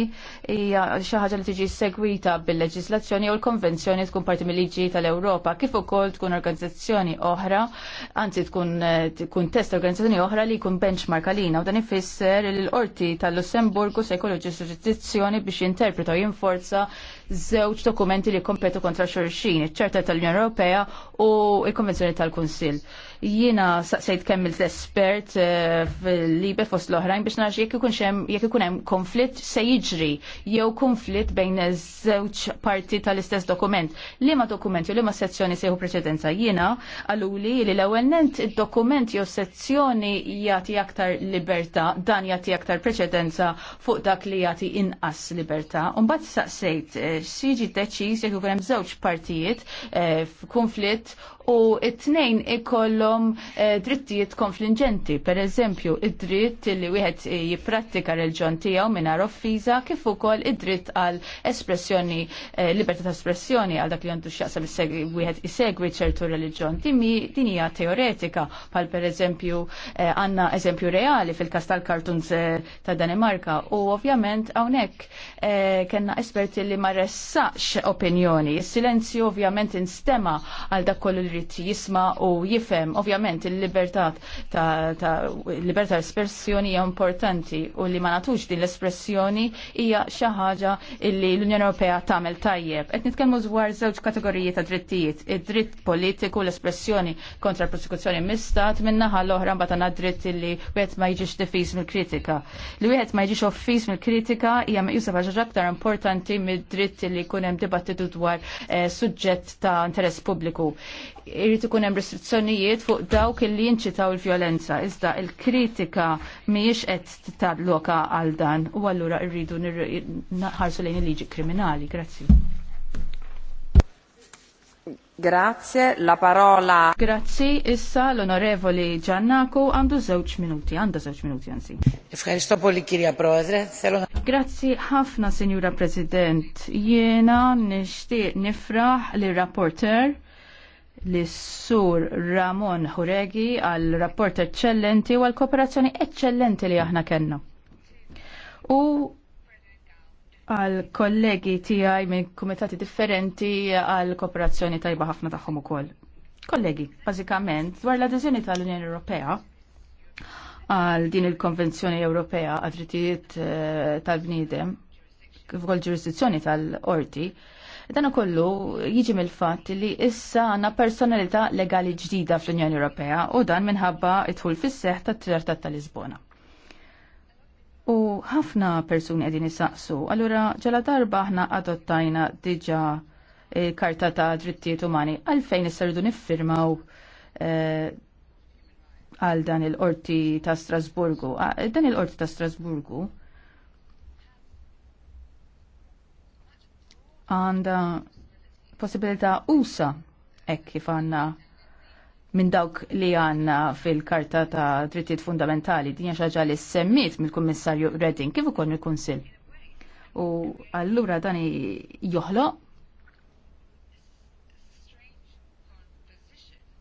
hija xi ħaġa li tiġi segwita bil-leġislazzjoni u l-Konvenzjoni tkun parti mill-liġi tal-Ewropa kif ukoll tkun organizzazzjoni oħra, anzi tkun test organizzazzjoni oħra li jkun benchmark għalina u dan ifisser li l-Qorti tal-Lussemburgu se jkollu ġurisdizzjoni biex jinterpreta u jinforza żewġ dokumenti li kompetu kontra xulxin, iċ-ċerta tal-Unjoni Ewropea u l-Konvenzjoni tal-Kunsill Council Jiena saqsejt kemm l-espert eh, fil-libe fost l-oħrajn biex naġ jekk ikun hemm jekk ikun hemm konflitt se jiġri jew konflitt bejn żewġ parti tal-istess dokument. Liema dokument jew liema sezzjoni seħu preċedenza jiena għaluli li l-ewwel id-dokument jew sezzjoni jagħti aktar libertà, dan jagħti aktar preċedenza fuq dak li jagħti inqas libertà. U mbagħad saqsejt eh, x'jiġi deċiż jekk ikun hemm żewġ partijiet eh, f'konflitt u t tnejn ikollhom għandhom eh, drittijiet konflingenti. per eżempju, id-dritt li wieħed jipprattika reġjon tiegħu mingħajr offiża kif ukoll id-dritt għal espressjoni, eh, libertà ta' espressjoni għal dak li għandu x'jaqsam wieħed isegwi ċertu reliġjon. Din hija teoretika, bħal per eżempju eh, għandna eżempju reali fil-kas tal-kartuns ta' Danimarka u ovvjament hawnhekk kellna esperti li ma ressaqx opinjoni. Is-silenzju ovvjament instema għal dak kollu li jisma' u jifhem Ovvjament il-libertà ta', ta libertà espressjoni hija importanti u li ma nagħtux din l-espressjoni hija xi ħaġa li l-Unjoni Ewropea tagħmel tajjeb. Qed nitkellmu dwar żewġ kategoriji ta' drittijiet, id-dritt politiku l-espressjoni kontra l-prosekuzzjoni mistat minnaħa l-oħra mbagħad għandna dritt li wieħed ma jiġix defis mill-kritika. Li wieħed ma jiġix offis mill-kritika hija meqjusa ħaġa aktar importanti mid-dritt li jkun hemm dibattitu dwar eh, suġġett ta' interess pubbliku irrid ikun hemm restrizzjonijiet fuq dawk illi jinċitaw il-vjolenza. Iżda il-kritika mhijiex qed tadloka għal dan u allura rridu naħarsu lejn il-liġi kriminali. Grazzi. Grazie, la parola. Grazzi, issa l-onorevoli Giannaku għandu żewġ minuti, għandu żewġ minuti għansi. kirja Grazzi ħafna, Signora President. Jena nishtiq nifraħ li rapporter l-sur Ramon Huregi għal rapport eccellenti u għal kooperazzjoni eccellenti li aħna kenna. U għal kollegi tiegħi minn kumitati differenti għal kooperazzjoni tajba ħafna tagħhom ukoll. Kollegi, bażikament dwar l-adeżjoni tal-Unjoni Ewropea għal din il-Konvenzjoni Ewropea għad drittijiet eh, tal-bniedem f'kol ġurisdizzjoni tal-orti, Dan kollu jiġi mill-fatt li issa għandna personalità legali ġdida fl-Unjoni Ewropea u dan minħabba tħul fis-seħħ tat-Trattat ta' Lisbona. U ħafna persuni qegħdin isaqsu, allura ġala darba aħna adottajna diġà eh, karta ta' drittijiet umani għalfejn isserdu niffirmaw eh, għal dan il-qorti ta' Strasburgu. Dan il-qorti ta' Strasburgu għanda possibilità usa hekk kif għandna minn dawk li għanna fil-karta ta' drittijiet fundamentali din xaġa li semmit mill-Kummissarju Redding kif ukoll mill-Kunsill. U allura dan joħloq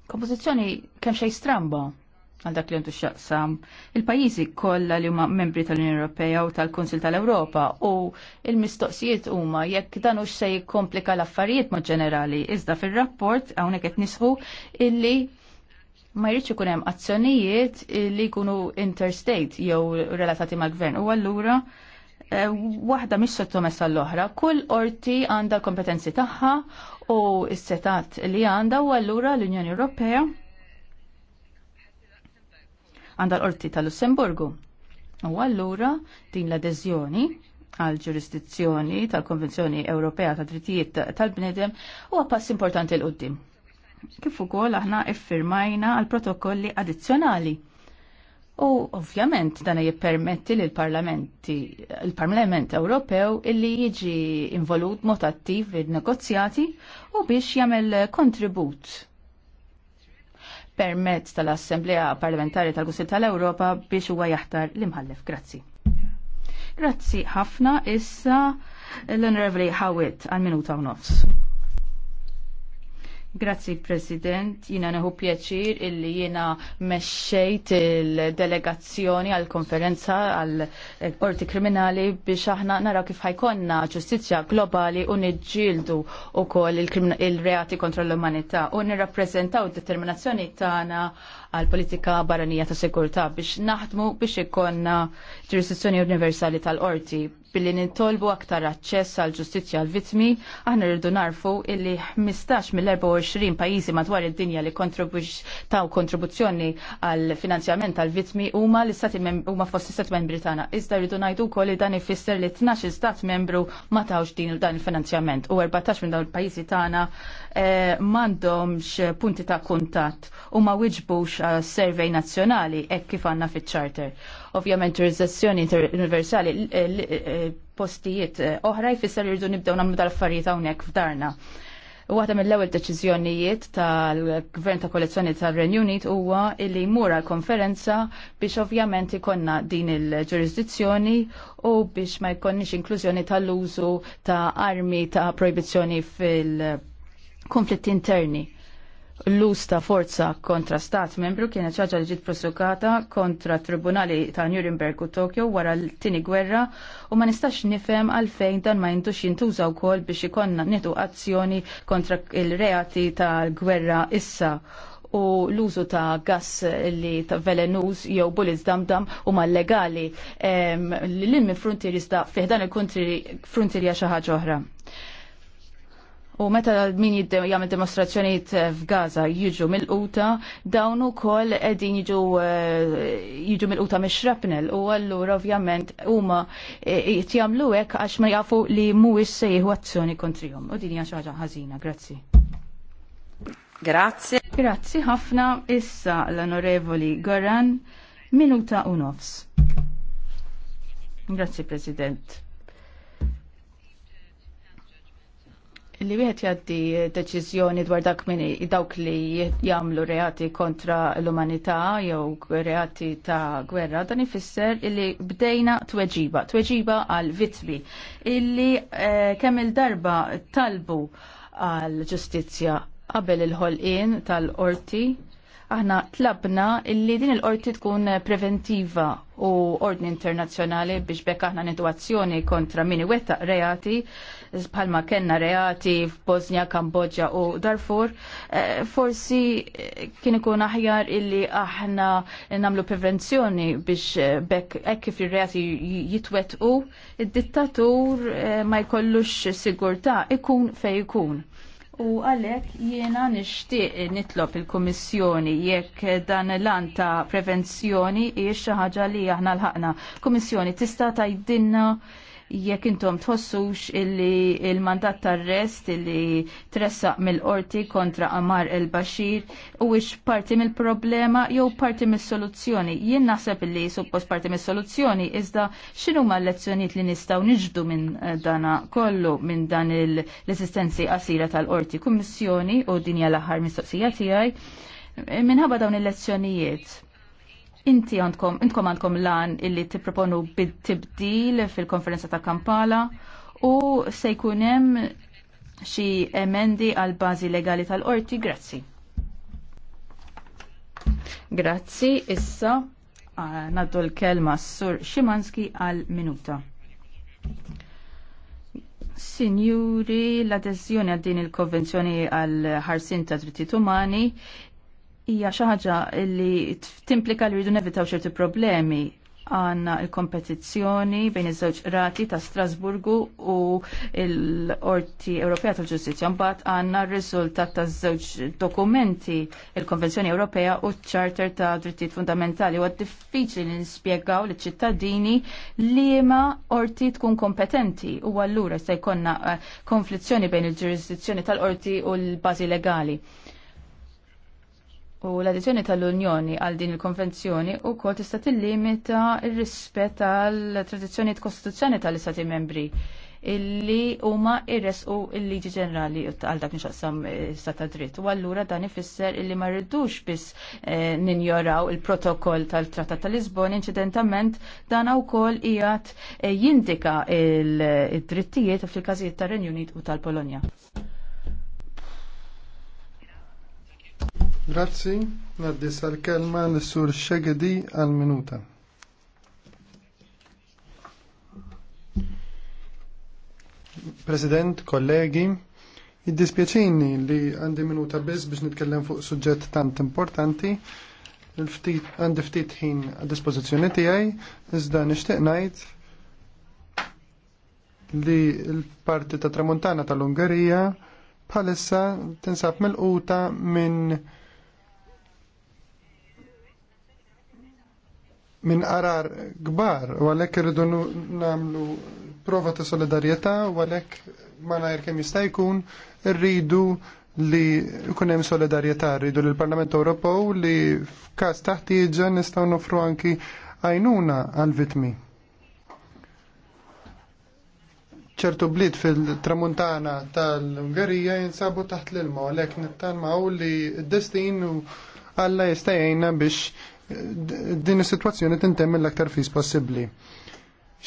kompożizzjoni kemm xejn stramba għal dak li għandu xaqsam il-pajizi kollha li huma membri tal-Unjoni Ewropea u tal-Kunsil tal-Ewropa u il-mistoqsijiet huma jekk dan u se jikkomplika l-affarijiet mod ġenerali. Iżda fir-rapport hawnhekk qed nisħu illi ma jridx ikun hemm azzjonijiet li jkunu interstate jew relatati mal-gvern u allura eh, waħda mis sottomessa l-oħra, kull orti għandha kompetenzi tagħha u s-setat li għandha u allura l-Unjoni Ewropea għandha l-Qorti ta' Lussemburgu. U allura din l-adeżjoni għal ġurisdizzjoni tal-Konvenzjoni Ewropea ta' Drittijiet tal-Bnedem huwa pass importanti l qoddim Kif ukoll aħna iffirmajna għal protokolli addizzjonali. U ovvjament dan jippermetti l parlamenti il-Parlament Ewropew illi jiġi involut mod attiv fin negozjati u biex jagħmel kontribut permezz tal-Assemblea Parlamentari tal-Kunsil tal-Ewropa biex huwa jaħtar l-imħallef. Grazzi. Grazzi ħafna issa l honorable Hawit għal minuta u nofs. Grazzi President, jina neħu pjaċir illi jina mexxejt il-delegazzjoni għal-konferenza għal-orti kriminali biex aħna naraw kif ħajkonna ġustizja globali u nġildu u kol il-reati kontra l-umanità u nirrapprezentaw determinazzjoni tagħna għal politika barranija ta' sekurta biex naħdmu biex ikonna ġurisdizzjoni universali tal-qorti billi nintolbu aktar aċċess għal ġustizzja għal vitmi, aħna rridu narfu illi 15 mill-24 pajjiżi madwar id-dinja li kontribwix taw kontribuzzjoni għal finanzjament tal vitmi huma l-istati huma fost istati membri tagħna. Iżda rridu ngħidu wkoll li dan ifisser li 12 istat membru ma tawx din dan il-finanzjament u 14 minn dawn il-pajjiżi tagħna Eh, mandomx punti ta' kuntat u ma wiġbux survey nazzjonali hekk kif għandna fiċ-charter. Ovvjament jurisdizzjoni universali eh, eh, postijiet oħra jfisser li rridu nibdew nagħmlu tal-affarijiet hawnhekk f'darna. Waħda mill-ewwel deċiżjonijiet tal-Gvern ta' Kollezzjoni tal-Renju Unit huwa li jmur għall-konferenza biex ovvjament ikonna din il-ġurisdizzjoni u biex ma jkonniex inklużjoni tal-użu ta' armi ta' proibizzjoni fil- konflitt interni. L-uż ta' forza kontra stat membru kienet ċaġa li ġiet prosukata kontra tribunali ta' Nuremberg u Tokyo wara l-tini gwerra u ma nistax nifhem għalfejn dan ma jintux jintuża wkoll biex ikonna netu azzjoni kontra il-reati tal-gwerra issa u l-użu ta' gas li ta' velenuż jew bullets damdam u ma' legali l limmi frontieri sta' fiħdan il-kontri frontieri għaxa ħaġa oħra. U meta min jagħmel demonstrazzjonijiet f'Gaza jiġu mill-quta, dawn ukoll qegħdin jiġu eh, jiġu mill-quta mix-shrapnel u allura ovvjament huma eh, jagħmlu hekk għax ma jafu li mhuwiex se azzjoni kontrihom. U din hija xi ħaġa ħażina, grazzi. Grazzi. Grazzi ħafna issa l-Onorevoli Goran minuta u nofs. Grazzi President. li wieħed jgħaddi deċiżjoni dwar dak minn dawk li jagħmlu reati kontra l-umanità jew reati ta' gwerra dan ifisser li bdejna tweġiba, tweġiba għal vitbi illi eh, kemm il-darba talbu għal ġustizzja qabel il-ħolqien tal-qorti aħna tlabna illi din il-qorti tkun preventiva u ordni internazzjonali biex bekk aħna nituazzjoni kontra mini wetta reati palma kenna reati f'Bosnia, Kambodġa u Darfur, eh, forsi eh, kien ikun aħjar illi aħna namlu prevenzjoni biex eh, bekk hekk kif ir-reati u id-dittatur ma jkollux sigurtà ikun fej ikun. U għalek jiena nishtiq nitlob il-Komissjoni jekk dan l ta' prevenzjoni jiex xi ħaġa li aħna l ħakna Komissjoni tista' tgħidilna jekk intom tħossux illi il-mandat tar-rest illi tressaq mill-qorti kontra Amar el-Bashir u wix parti mill-problema jew parti mill-soluzzjoni. Jien naħseb illi suppost parti mill-soluzzjoni iżda x'inhu ma lezzjonijiet li nistgħu niġdu minn eh, dana kollu minn dan l-esistenzi qasira tal-qorti kummissjoni u dinja l-aħħar mistoqsija tiegħi minħabba dawn il-lezzjonijiet Inti għandkom, intkom għandkom lan illi tipproponu bid-tibdil fil-konferenza ta' Kampala u se jkun hemm xi emendi għal bażi legali tal-qorti. Grazzi. Grazzi, issa naddu l-kelma s-sur Ximanski għal minuta. Signuri, l-adesjoni għad din il-konvenzjoni għal ħarsin ta' dritti umani hija xi ħaġa li timplika li rridu nevitaw ċerti problemi għanna il-kompetizzjoni bejn iż-żewġ rati ta' Strasburgu u l-Orti Ewropea tal-Ġustizzja. Mbagħad għandna r-riżultat ta' żewġ dokumenti, il-Konvenzjoni Ewropea u ċ-Charter ta' Drittijiet Fundamentali. Huwa diffiċli li nispjegaw liċ ċittadini liema orti tkun kompetenti u allura se jkollna eh, konflizzjoni bejn il-ġurisdizzjoni tal-orti u l-bażi legali. U l-adizjoni tal-Unjoni għal din il-konvenzjoni u kol tista' tillimita ir-rispett għal tradizzjoni kostituzzjoni tal-Istati membri illi huma irres u il liġi ġenerali għal dak nixaqsam eh, sata dritt. U allura dan ifisser illi ma rridux biss eh, ninjoraw il-protokoll tal-Trattat tal-Lisbon, incidentament dan kol qiegħed eh, jindika il-drittijiet fil-każijiet tar-Renju Unit u tal-Polonja. Grazzi, naddis għal-kelma l-sur xegedi għal-minuta. President, kollegi, id-dispieċini li għandi minuta biz biex nitkellem fuq suġġett tant importanti, għandi ftit ħin għad-dispozizjoni tijaj, iżda nishtiq najt li l-parti ta' tramontana tal-Ungerija bħalissa tinsab mill-quta minn minn qarar kbar u għalhekk rridu nagħmlu prova ta' solidarjetà u għalhekk malajr kemm jista' jkun rridu li jkun hemm solidarjetà rridu lill parlament Ewropew li f'każ ġen nistgħu nofru anki għajnuna għal-vitmi. ċertu bliet fil-tramuntana tal-Ungerija jinsabu taħt l-ilma, għalhekk nittanmaw li d-destin u Alla jistajajna biex din is-sitwazzjoni tintemm l aktar fis possibbli.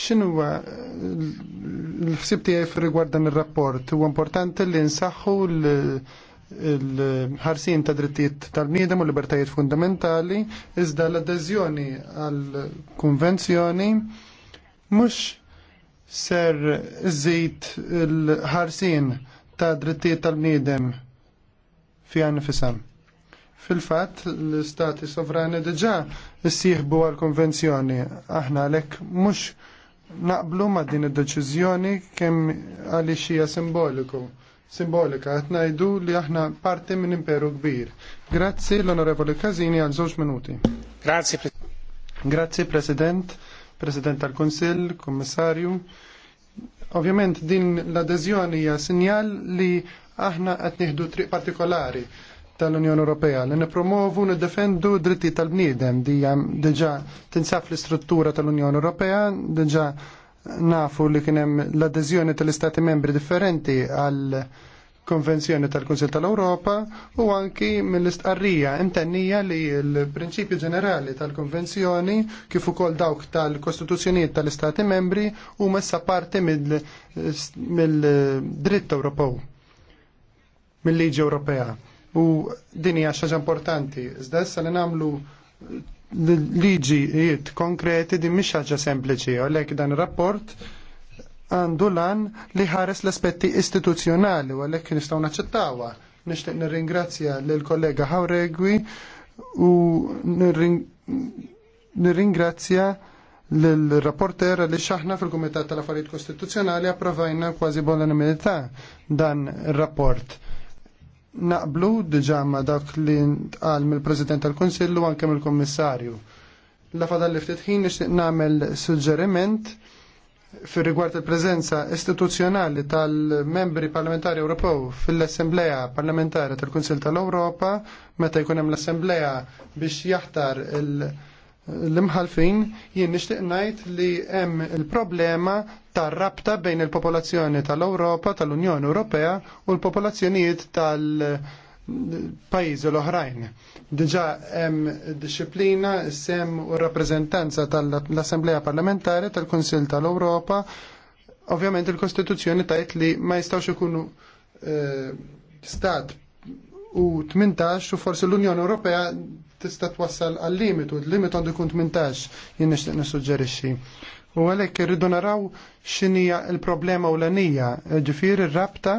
X'inhu l-ħsieb tiegħi f'rigward dan ir-rapport? Huwa importanti li nsaħħu l-ħarsin ta' drittijiet tal-bniedem u libertajiet fundamentali iżda l-adeżjoni għall-konvenzjoni mhux ser iżid l-ħarsin ta' drittijiet tal-bniedem fi għan Fil-fatt, l-istati sovrani s issieħbu għal-konvenzjoni. Aħna għalhekk mhux naqblu ma' din id-deċiżjoni kemm għaliex hija simboliku. Simbolika, qed ngħidu li aħna parti minn imperu kbir. Grazzi l-Onorevoli Kazini għal żewġ minuti. Grazzi, pre Grazzi President, President tal-Kunsill, Kommissarju. Ovvjament din l-adeżjoni hija sinjal li aħna qed nieħdu triq partikolari tal-Unjoni Ewropea li nipromovu niddefendu dritti tal-bniedem dija diġa tinsaf l-istruttura tal-Unjoni Ewropea diġa nafu li kienem l-adeżjoni tal-istati membri differenti għal konvenzjoni tal-Kunsil tal-Europa u anki mill-istqarrija intennija li l-prinċipju ġenerali tal-konvenzjoni kif ukoll dawk tal-kostituzzjonijiet tal-istati membri u messa parti mill-dritt Ewropew mill-liġi Ewropea u din hija xaġa importanti. Iżda issa li nagħmlu liġijiet konkreti din mish ħaġa sempliċi, għalhekk dan rapport għandu lan li ħares l-aspetti istituzzjonali u għalhekk nistgħu naċċettawha. Nixtieq nirringrazzja lill kollega Hawregwi u nirringrazzja l-rapporter li xaħna fil-Kumitat tal-Affarijiet Kostituzzjonali approvajna kważi bol-anonimità dan ir-rapport naqblu diġà ma dak li ntqal mill-President tal-Kunsill u anke mill-Kummissarju. La fadal li ftit ħin nixtieq nagħmel suġġeriment fir rigward il-preżenza istituzzjonali tal-membri parlamentari Ewropew fil-Assembleja parlamentari tal-Kunsill tal-Ewropa meta jkun hemm l-Assembleja biex jaħtar il- l-imħalfin jien nixtieq ngħid li hemm il-problema tar-rabta bejn il-popolazzjoni tal-Ewropa, tal-Unjoni Ewropea u l-popolazzjonijiet tal- pajjiżi l-oħrajn. Diġà hemm disciplina, sem u rappreżentanza tal-Assemblea Parlamentari tal-Kunsill tal-Ewropa. Ovvjament il-Kostituzzjoni tajt li ma jistgħux ikunu eh, stat u 18 u forsi l-Unjoni Ewropea tista' twassal għal limitu, l-limit għandu jkun 18 jien nixtieq nissuġġerixxi. U għalhekk irridu naraw x'inhija l-problema u ewlenija, ġifier ir-rabta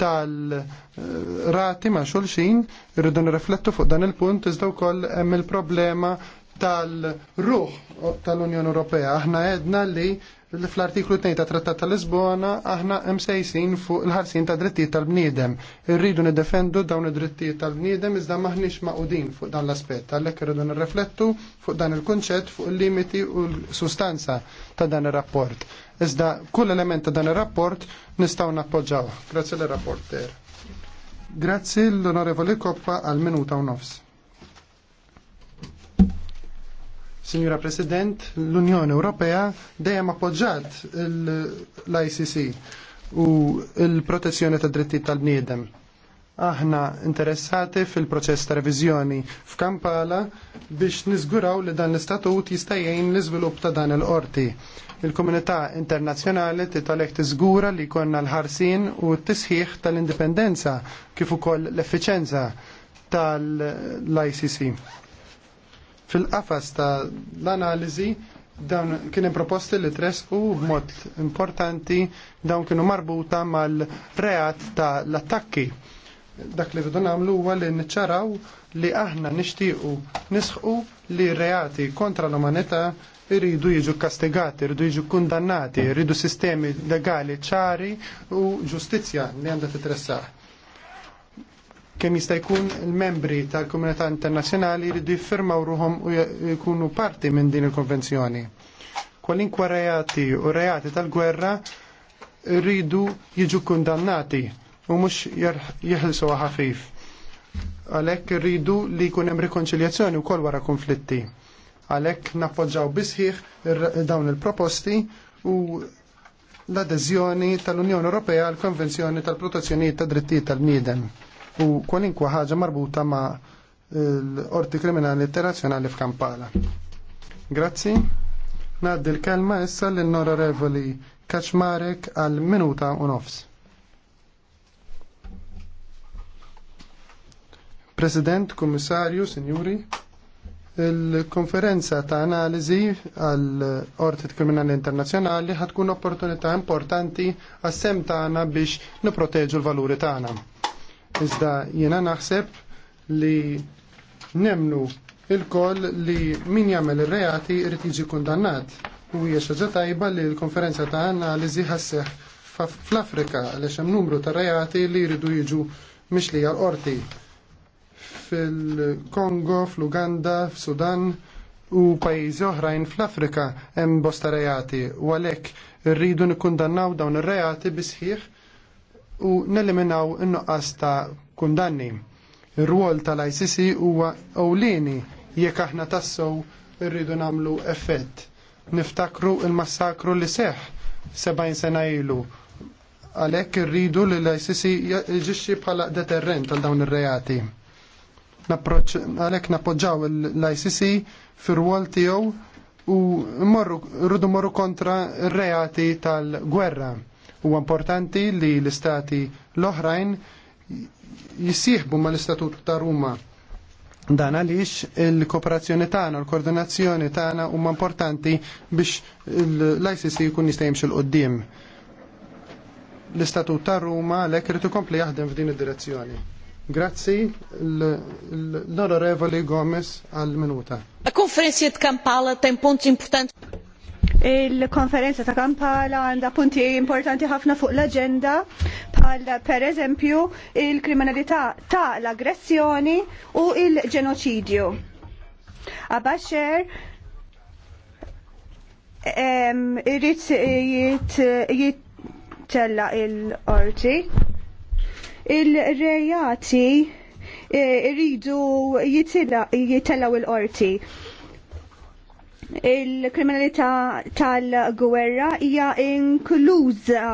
tal-rati ma' xulxin, irridu nirriflettu fuq dan il-punt iżda wkoll hemm il-problema tal-ruħ tal-Unjoni Ewropea. Aħna għedna li fl-artiklu 2 ta' Trattat ta' Lisbona aħna msejsin fuq il-ħarsin ta' drittijiet tal-bniedem. Irridu niddefendu dawn id-drittijiet tal-bniedem iżda maħniex maqudin fuq dan l-aspett. Għalhekk irridu nirreflettu fuq dan il-kunċett fuq il-limiti u l-sustanza ta' dan ir-rapport. Iżda kull element ta' dan ir-rapport nistgħu nappoġġaw. Grazzi l-rapporter. Grazzi l-Onorevoli Koppa għal minuta u nofs. Signora President, l-Unjoni Ewropea dejjem appoġġat l-ICC u l-protezzjoni tad drittijiet tal-bniedem. Aħna interessati fil-proċess ta' reviżjoni f'Kampala biex niżguraw li dan l-istatut jista' jgħin l-iżvilupp ta' dan il-qorti. Il-komunità internazzjonali titalek tiżgura li jkollna l-ħarsin u t-tisħiħ tal-indipendenza kif ukoll l-effiċenza tal-ICC Fil-qafas ta' l-analiżi dawn kien proposti li tres u mod importanti dawn kienu marbuta mal-reat ta' l-attakki. Dak li rridu għamlu huwa li niċċaraw li aħna nixtiequ nisħu li reati kontra l-umanità irridu jiġu kastigati, irridu jiġu kundannati, irridu sistemi legali ċari u ġustizzja li għandha titressaħ kemm jista' jkun il-membri tal-komunità internazzjonali jridu jiffirmaw ruhom u jkunu parti minn din il-konvenzjoni. Kwalinkwa reati u reati tal-gwerra rridu jiġu kundannati u mhux jeħilsu ħafif. Għalhekk rridu li jkun hemm rikonċiljazzjoni wkoll wara konflitti. Għalhekk nappoġġaw bisħiħ dawn il-proposti u l-adeżjoni tal-Unjoni Ewropea għall konvenzjoni tal-Protezzjoni tad-Drittijiet tal-Bniedem u kwalinkwa ħaġa marbuta ma' l-Orti Kriminali Internazzjonali f'Kampala. Grazzi. Naddi l-kelma issa l-Onorevoli Kaczmarek għal minuta u nofs. President, Komissarju, Sinjuri, il-konferenza ta' analizi għal Orti Kriminali Internazzjonali ħatkun opportunità importanti għas-sem tagħna biex niproteġu l-valuri tagħna Iżda jiena naħseb li nemnu il-koll li min jagħmel ir-reati irid jiġi kundannat. U hija xi tajba li l-konferenza ta' analiżi ħasseħ fl-Afrika għaliex hemm numru ta' reati li jridu jiġu mixli għal qorti fil-Kongo, fl-Uganda, f'Sudan u pajjiżi oħrajn fl-Afrika hemm bosta reati u għalhekk irridu nikkundannaw dawn ir-reati sħiħ u neliminaw in-nuqqas ta' kundanni. Ir-rwol tal-ICC huwa ewlieni jekk aħna tassew irridu nagħmlu effett. Niftakru il-massakru li seħ 70 sena ilu. Għalhekk irridu li l-ICC jġixxi bħala deterrent għal dawn ir-reati. Għalhekk nappoġġaw l-ICC fir-rwol tiegħu u rridu morru kontra r-reati tal-gwerra U importanti li l-istati l-oħrajn jissieħbu ma l-istatut ta' Ruma dan għaliex il-kooperazzjoni tagħna u l-koordinazzjoni tagħna huma importanti biex l-ICC jkun jista' jimxi l qoddim L-Istatut ta' Ruma għalhekk irid ikompli jaħdem f'din id-direzzjoni. Grazzi l-Onorevoli Gomez għal minuta. La konferenzja Kampala ten punti importanti. Il-konferenza ta' Kampala għandha punti importanti ħafna fuq l-agenda bħal per eżempju il-kriminalità ta' l-aggressjoni u il-ġenoċidju. Abaxxer irrit jittella il-orti. Il-rejati eh, irridu jitellaw il-orti il-kriminalità tal-gwerra hija inkluża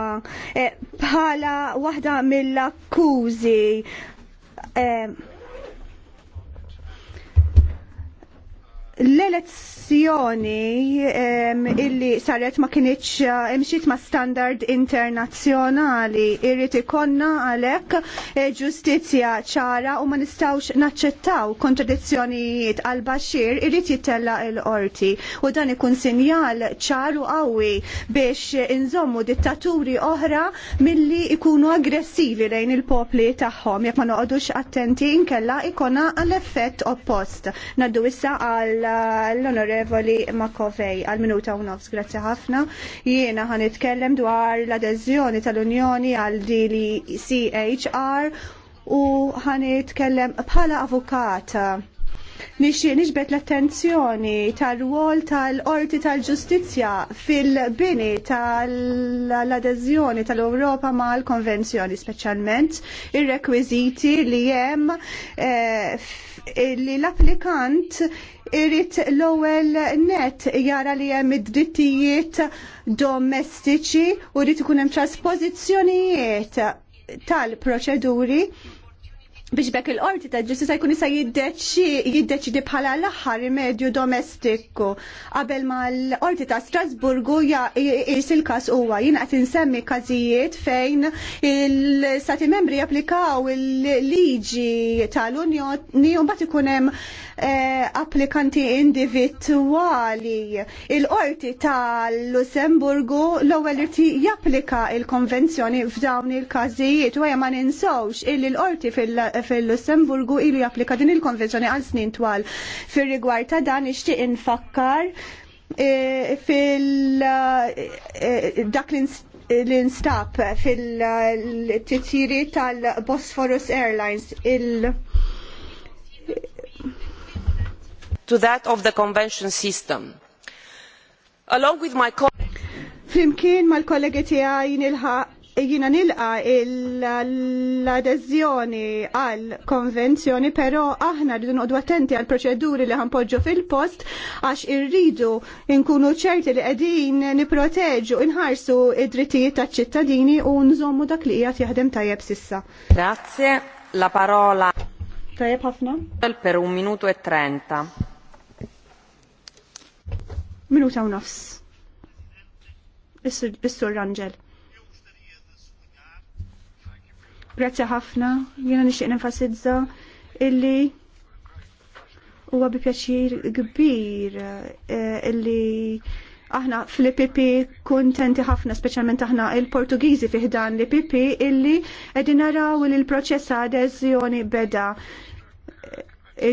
eh, bħala waħda mill-akkużi eh, L-elezzjoni illi saret ma kienieċ eh, imxiet ma standard internazzjonali irrit ikonna għalek eh, ġustizja ċara u ma nistawx naċċettaw kontradizzjonijiet għal Bashir irrit jittella il-qorti u dan ikun sinjal ċaru qawwi biex inżommu dittaturi oħra milli ikunu aggressivi lejn il-popli tagħhom jekk ma noqogħdux attenti inkella ikonna għall-effett oppost. Naddu issa għal l-Onorevoli Makovej għal minuta u nofs, grazzi ħafna. Jiena ħan itkellem dwar l-adeżjoni tal-Unjoni għal dili CHR u ħan itkellem bħala avukata. Nixi nixbet l-attenzjoni tal-rwol tal-orti tal-ġustizja fil-bini tal-adeżjoni tal-Europa mal-konvenzjoni, specialment ir-rekwiziti li jem eh, li l-applikant irrit l-ewwel net jara li hemm id-drittijiet domestiċi u rrid ikun hemm trasposizzjonijiet tal-proċeduri biex bekk il-qorti ta' ġustizja jkun jista' jiddeċidi bħala l-aħħar rimedju domestiku qabel ma l-qorti ta' Strasburgu jis il-każ huwa jien qed insemmi każijiet fejn il-stati membri japplikaw il-liġi tal-Unjoni u mbagħad ikun hemm eh, applikanti individwali. Il-qorti tal-Lussemburgu l-ewwel irti japplika il-konvenzjoni f'dawn il-każijiet u ma ninsawx il-qorti fil- fil-Lussemburgu ilu japplika din il-konvenzjoni għal snin twal. Fil rigward ta' dan ixti infakkar eh, fil-dak eh, eh, l-instab fil-titjiri tal-Bosphorus Airlines il- to that of the convention system. Along with my colleague... Fimkien mal-kollegi tiegħi nilħaq jina nilqa l-adezjoni għal konvenzjoni, pero aħna rridu noqdu attenti għal proċeduri li ħanpoġġu fil-post għax irridu nkunu ċerti li qegħdin niproteġu inħarsu id-drittijiet taċ-ċittadini u nżommu dak li qiegħed jaħdem tajjeb sissa. Grazie, la parola. Tajjeb ħafna? Per un minuto e trenta. Minuta u nofs. Is-sur Rangel. Grazzi ħafna, jiena nixtieq nenfasizza illi huwa bi pjaċir kbir eh, illi aħna fl-IPP kontenti ħafna, specialment aħna il-Portugiżi fiħdan l-IPP, illi edin naraw li l-proċess adeżjoni beda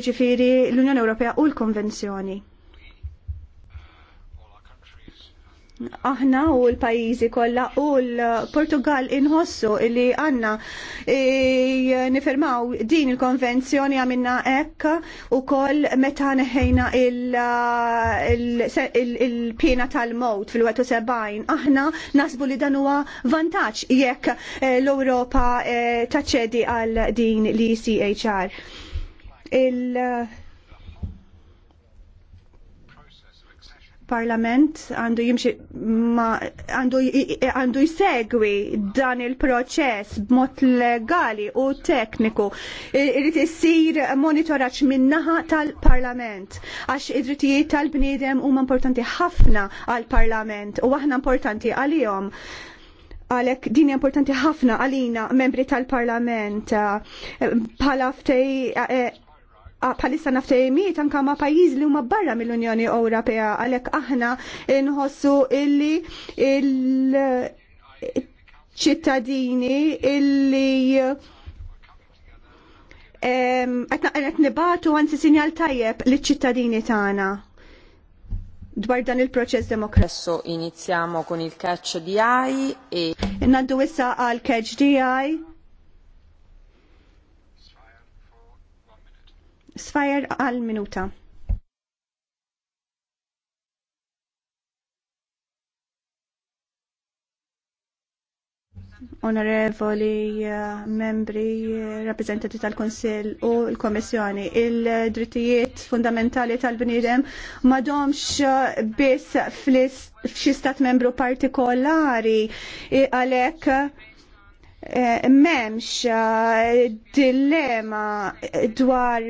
ġifiri l-Unjoni Ewropea u l-Konvenzjoni. aħna u l-pajizi kollha u l-Portugal inħossu li għanna e, nifirmaw din il-konvenzjoni għamilna ekk u koll meta neħejna il-pina tal-mot fil-71. Aħna nasbu li dan huwa vantaġġ jekk e, l-Ewropa e, taċċedi għal din l-ECHR. parlament għandu jimxi għandu jsegwi dan il-proċess b'mod legali u tekniku. Irrid issir monitoraġġ min-naħa tal-Parlament għax id-drittijiet tal-bniedem huma importanti ħafna għall-Parlament u aħna importanti għalihom għalek din importanti ħafna għalina membri tal-parlament eh, bħala ftej eh, bħalissa naftajmiet tanka ma' pajiz li huma barra mill-Unjoni Ewropea għalhekk aħna nħossu illi il-ċittadini illi għet nibatu anzi sinjal tajjeb liċ-ċittadini tagħna dwar dan il-proċess demokratiku. Inizjamo kun il-catch DI e... Nandu issa għal catch DI Sfajer għal minuta. onorevoli eh, membri, rappresentati tal-Konsil u l-Komissjoni. Il-drittijiet fundamentali tal-bnidem madomx eh, biss f'xi stat membru partikolari għalek Eh, memx eh, dilemma dwar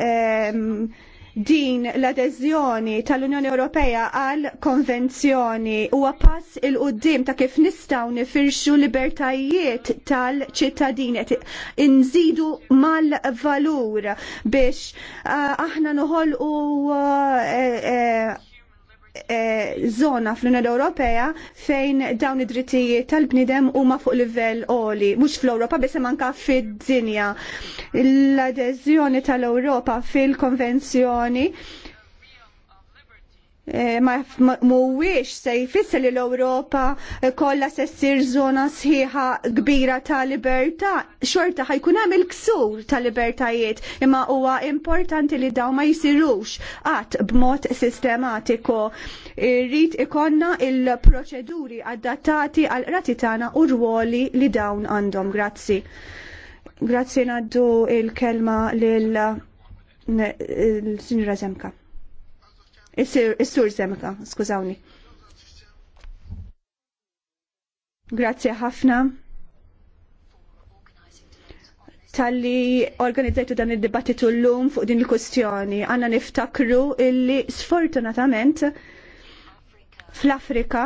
eh, din l-adeżjoni tal-Unjoni Ewropea għal konvenzjoni huwa pass il qoddim ta' kif nistgħu nifirxu libertajiet tal-ċittadini inżidu mal-valur biex aħna noħolqu Eh, zona fl-Unjoni Ewropea fejn dawn id-drittijiet tal-bnidem huma fuq livell oli, mhux fl-Ewropa biss anke fid-dinja. L-adeżjoni tal-Ewropa fil-Konvenzjoni Eh, ma mhuwiex se jfisser li l-Ewropa eh, kollha se ssir żona sħiħa kbira ta' libertà, xorta ħajkun hemm il-ksur ta' libertajiet, imma huwa importanti li dawn ma jsirux qatt b'mod sistematiku. Irrid ikonna il-proċeduri adattati għal rati tagħna u rwoli li dawn għandhom. Grazzi. Grazzi ngħaddu il-kelma lil Sinjura Zemka. Is-sur Zemka, skużawni. Grazie ħafna tal-li organizzajtu dan il-dibattitu l-lum fuq din il-kustjoni. Għanna niftakru illi sfortunatament fl-Afrika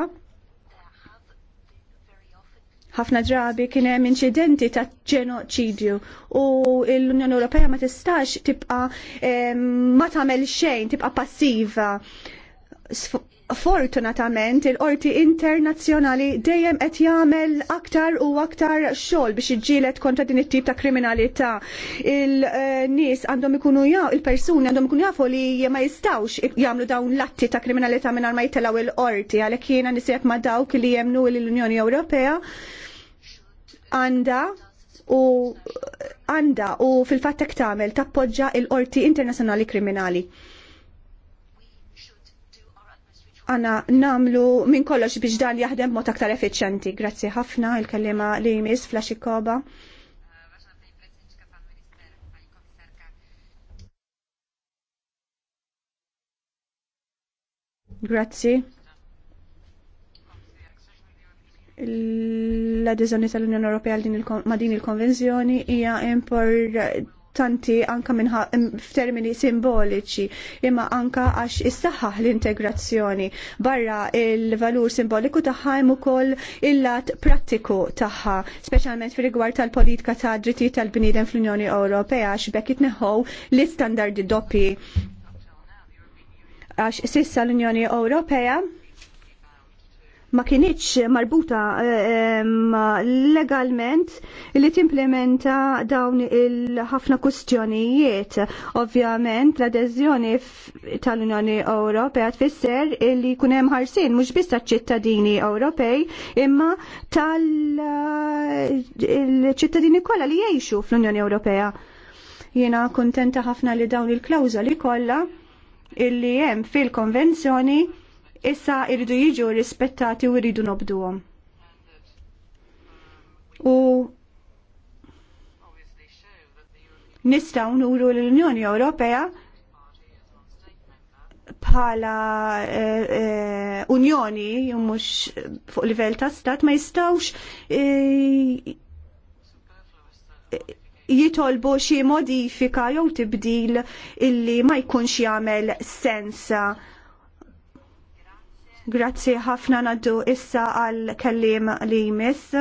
ħafna drabi kien hemm inċidenti ta' ġenoċidju u l-Unjoni Ewropea ma tistax tibqa ma tagħmel xejn, tibqa' passiva. Fortunatament il-qorti internazzjonali dejjem qed jagħmel aktar u aktar xogħol biex iġġieled kontra din it-tip ta' kriminalità. Il-nies għandhom ikunu jaw, il-persuni għandhom ikunu jafu li ma jistawx jagħmlu dawn l-atti ta' kriminalità mingħajr ma jitilgħu il-qorti għalhekk jiena nisieb ma' dawk li jemnu l-Unjoni Ewropea għanda u għanda u fil-fattek tagħmel tappoġġa il-Qorti Internazzjonali Kriminali għana namlu minn kollox biex dan jaħdem mod aktar effiċjenti. Grazzi ħafna il-kellima li jmiss Flash Koba. Grazzi l-adeżjoni tal-Unjoni Ewropea ma' din il-konvenzjoni hija importanti anka minn f'termini simboliċi imma anka għax issaħħaħ l-integrazzjoni barra il-valur simboliku tagħha hemm ukoll il-lat prattiku tagħha, speċjalment fir rigward tal-politika ta' dritti tal-bniedem fl-Unjoni Ewropea għax bekk itneħħu l-istandardi doppi għax sissa l-Unjoni Ewropea ma kienieċ marbuta eh, legalment li timplementa dawn il-ħafna kustjonijiet. Ovvjament l-adeżjoni tal-Unjoni Ewropea tfisser li kunem ħarsin mhux biss ċittadini Ewropej imma tal-ċittadini kollha li jgħixu fl-Unjoni Ewropea. Jiena kuntenta ħafna li dawn il-klawżoli kollha illi hemm fil-konvenzjoni issa irridu jiġu rispettati u irridu nobduhom. U nistaw nuru l-Unjoni Ewropea bħala uh, uh, unjoni mhux fuq livell ta' stat ma jistawx eh, jitolbu xi modifika jew tibdil illi ma jkunx jagħmel sens Grazzi ħafna naddu issa għal kellim li jmiss.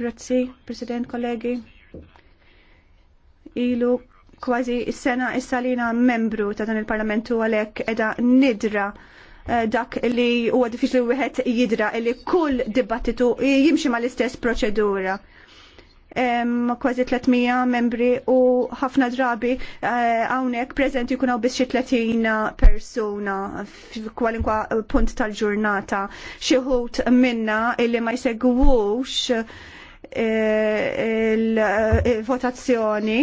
Grazzi, President, kollegi. Ilu kważi s-sena issa li membru ta' dan il-parlamentu għalek edha nidra eh, dak li huwa diffiċli wieħed jidra li kull dibattitu jimxi mal-istess proċedura kważi 300 membri u ħafna drabi eh, hawnhekk preżenti jkun hawn biss 30 persuna f'kwalinkwa eh, punt tal-ġurnata. Xi minna illi ma jsegwux eh, il-votazzjoni.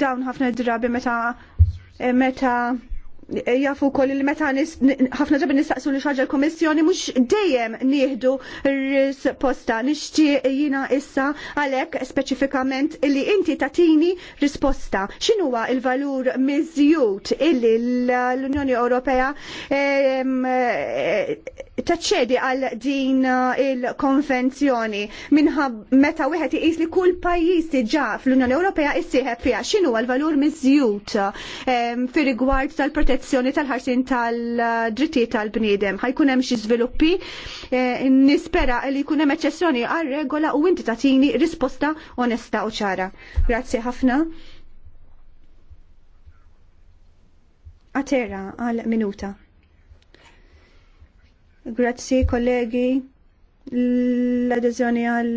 dawn ħafna drabi meta meta jafu kol il-meta ħafna ġabin nistaqsu li xaġa l-Komissjoni mux dejjem nieħdu risposta nixti jina issa għalek specifikament li inti tatini risposta. Xinuwa il-valur mizjut illi l-Unjoni Ewropea taċċedi għal din uh, il-konvenzjoni minħab meta wieħed iqis li kull pajjiż diġà fl-Unjoni Ewropea issieħeb fiha x'inhu l-valur miżjud um, fir-rigward tal-protezzjoni tal-ħarsin tal-drittijiet tal-bniedem. Ħajkun hemm xi żviluppi eh, nispera li jkun hemm eċċessjoni għal regola u inti tagħtini risposta onesta u ċara. Grazzi ħafna. Atera għal minuta. Grazzi kollegi l-adezjoni għal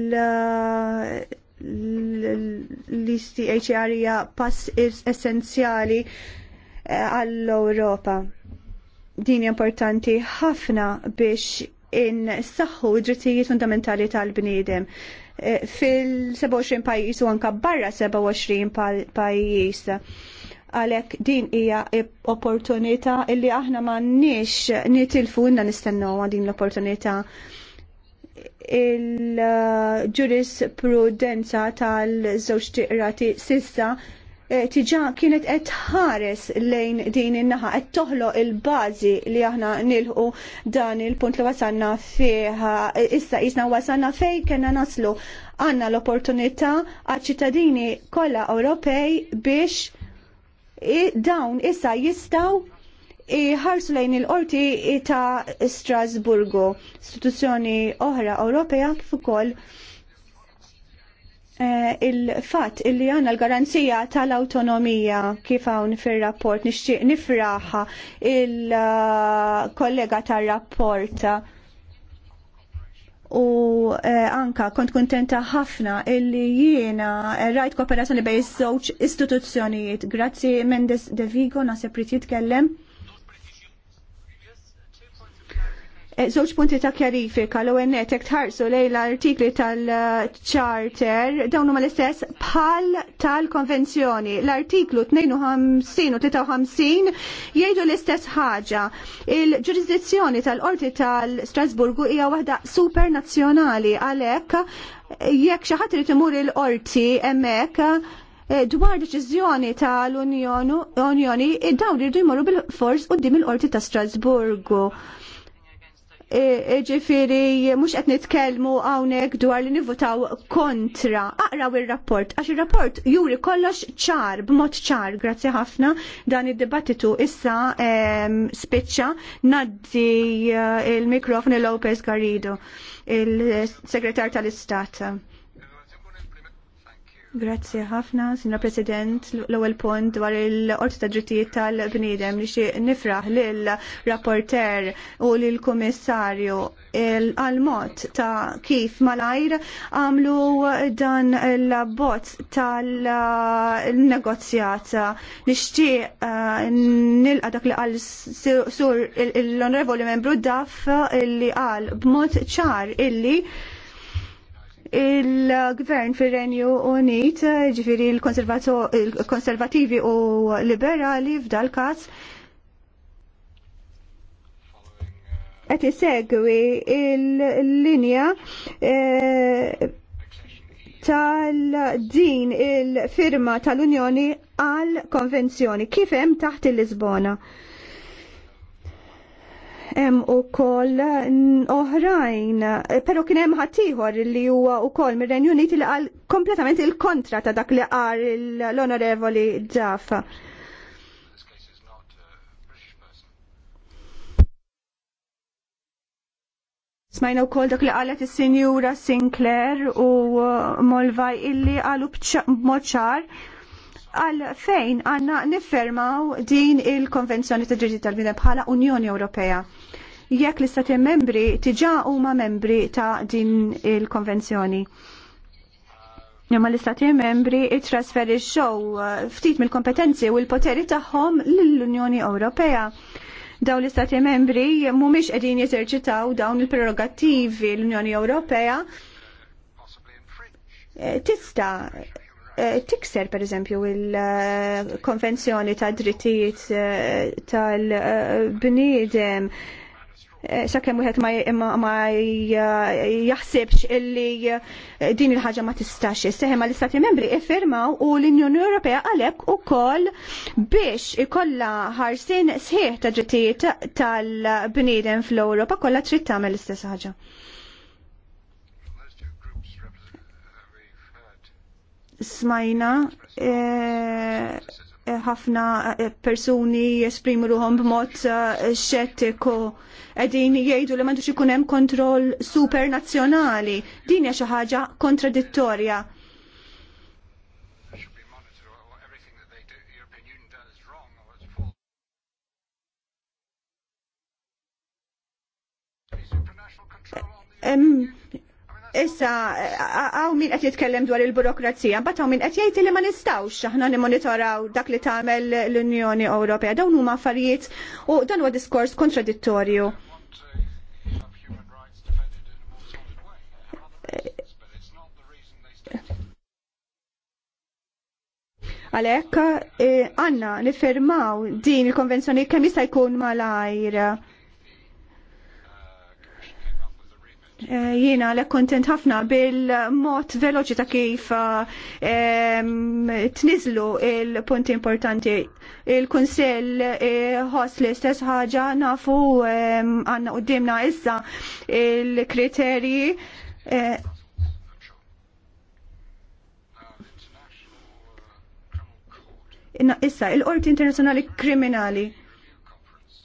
l-listi HR hija pass essenzjali eh, għall-Ewropa. Din importanti ħafna biex in saħħu id-drittijiet fundamentali tal-bniedem. Eh, fil-27 pajjiż u anka barra 27 pajjiż għalek din hija opportunità illi aħna ma nix nitilfu inna nistennu din l-opportunità il-ġurisprudenza tal-żewġ tiqrati sissa eh, tiġa kienet qed ħares lejn din in-naħa qed toħloq il-bażi li aħna nilħu dan il-punt li wasanna fih issa isna wasanna fejn kena naslu għandna l-opportunità għaċ-ċittadini kollha Ewropej biex dawn issa jistaw ħarsu lejn il-qorti ta' Strasburgu, istituzzjoni oħra Ewropea kif ukoll eh, il-fat illi għanna l-garanzija tal-autonomija kif hawn fir-rapport nixtieq nifraħa il-kollega tar-rapport u eh, anka kont kontenta ħafna illi jiena eh, rajt kooperazzjoni bejn iż-żewġ istituzzjonijiet. Grazzi Mendes De Vigo nasib jitkellem. Eh, żewġ punti ta' kjarifika l-ONET hekk tħarsu lejn l-artikli tal-charter dawn huma l-istess bħal tal-konvenzjoni. L-artiklu 52 53 jgħidu l-istess ħaġa. Il-ġurisdizzjoni tal-Qorti tal-Strasburgu hija waħda supernazzjonali għalhekk jekk xi ħadd irid imur il-qorti hemmhekk eh, dwar deċiżjoni tal-Unjoni, id-dawri rridu jmorru bil-fors u dim il-qorti ta' Strasburgu. E, e, ġifiri mux qed nitkellmu hawnhekk dwar li nivutaw kontra. Aqraw ir-rapport għax ir-rapport juri kollox ċar b'mod ċar, grazzi ħafna dan id-dibattitu issa spiċċa naddi eh, il-mikrofon il Lopez Garrido, il-segretar tal-Istat. Grazie ħafna, Sina President, l-ewwel punt dwar il-Qorti ta' Drittijiet tal-Bniedem li xi nifraħ lil rapporter u lil kummissarju għal mod ta' kif malajr għamlu dan l-abbozz tal-negozjat. Nixtieq eh, nilqa dak li qal sur l-Onorevoli Membru Daf li qal b'mod ċar illi il-gvern fil-Renju Unit, ġifiri il-konservativi u liberali f'dal kas, qed isegwi il-linja eh, tal-din il-firma tal-Unjoni għal-konvenzjoni kif hemm taħt il-Lisbona. il lisbona Hemm ukoll oħrajn, però kien hemm ħaddieħor li huwa wkoll mir-Renju Unit li qal kompletament il-kontra ta' dak li qal l-Onorevoli Ġafa. Smajna u kol dak li għalet il-Sinjura Sinclair u Molvaj illi għalu b'moċar għal fejn għanna niffermaw din il-Konvenzjoni ta' Ġriġi tal-Bnedem bħala Unjoni Ewropea. Jekk l-istati membri tiġa huma membri ta' din il-Konvenzjoni. Imma l-istati membri it xow uh, ftit mill-kompetenzi u l-poteri tagħhom lill-Unjoni Ewropea daw l-istati membri mhumiex qegħdin jeżerċitaw dawn il-prerogattivi l-Unjoni Ewropea eh, tista' tikser per eżempju il-konvenzjoni ta' drittijiet eh, tal-bniedem eh, sakemm wieħed ma jaħsibx illi eh, din il-ħaġa ma tistax isseħħem l istati membri iffirmaw u l-Unjoni Ewropea għalhekk ukoll biex ikollha ħarsien sħiħ ta' drittijiet tal-bniedem fl-Ewropa kollha trid tagħmel l-istess ħaġa. smajna e, e, ħafna e, persuni jesprimu ruħom b'mod xettiku edin jgħidu li mandux ikun hemm kontroll supernazzjonali. Din hija xi ħaġa kontradittorja. Um, Issa, għaw min qed jitkellem dwar il-burokrazija, mbagħad hawn min qed jgħid li ma nistawx, aħna nimonitoraw dak li tagħmel l-Unjoni Ewropea. Dawn huma affarijiet u dan huwa diskors kontradittorju. Għalhekk eh, għandna niffermaw din il-konvenzjoni kemm jista' jkun malajr Eh, jiena l kontent ħafna bil-mod veloċi ta' kif eh, tniżlu il-punti importanti. il konsell eh, ħoss li stess ħaġa nafu għanna qoddimna issa il-kriterji Issa, il-Qorti Internazzjonali Kriminali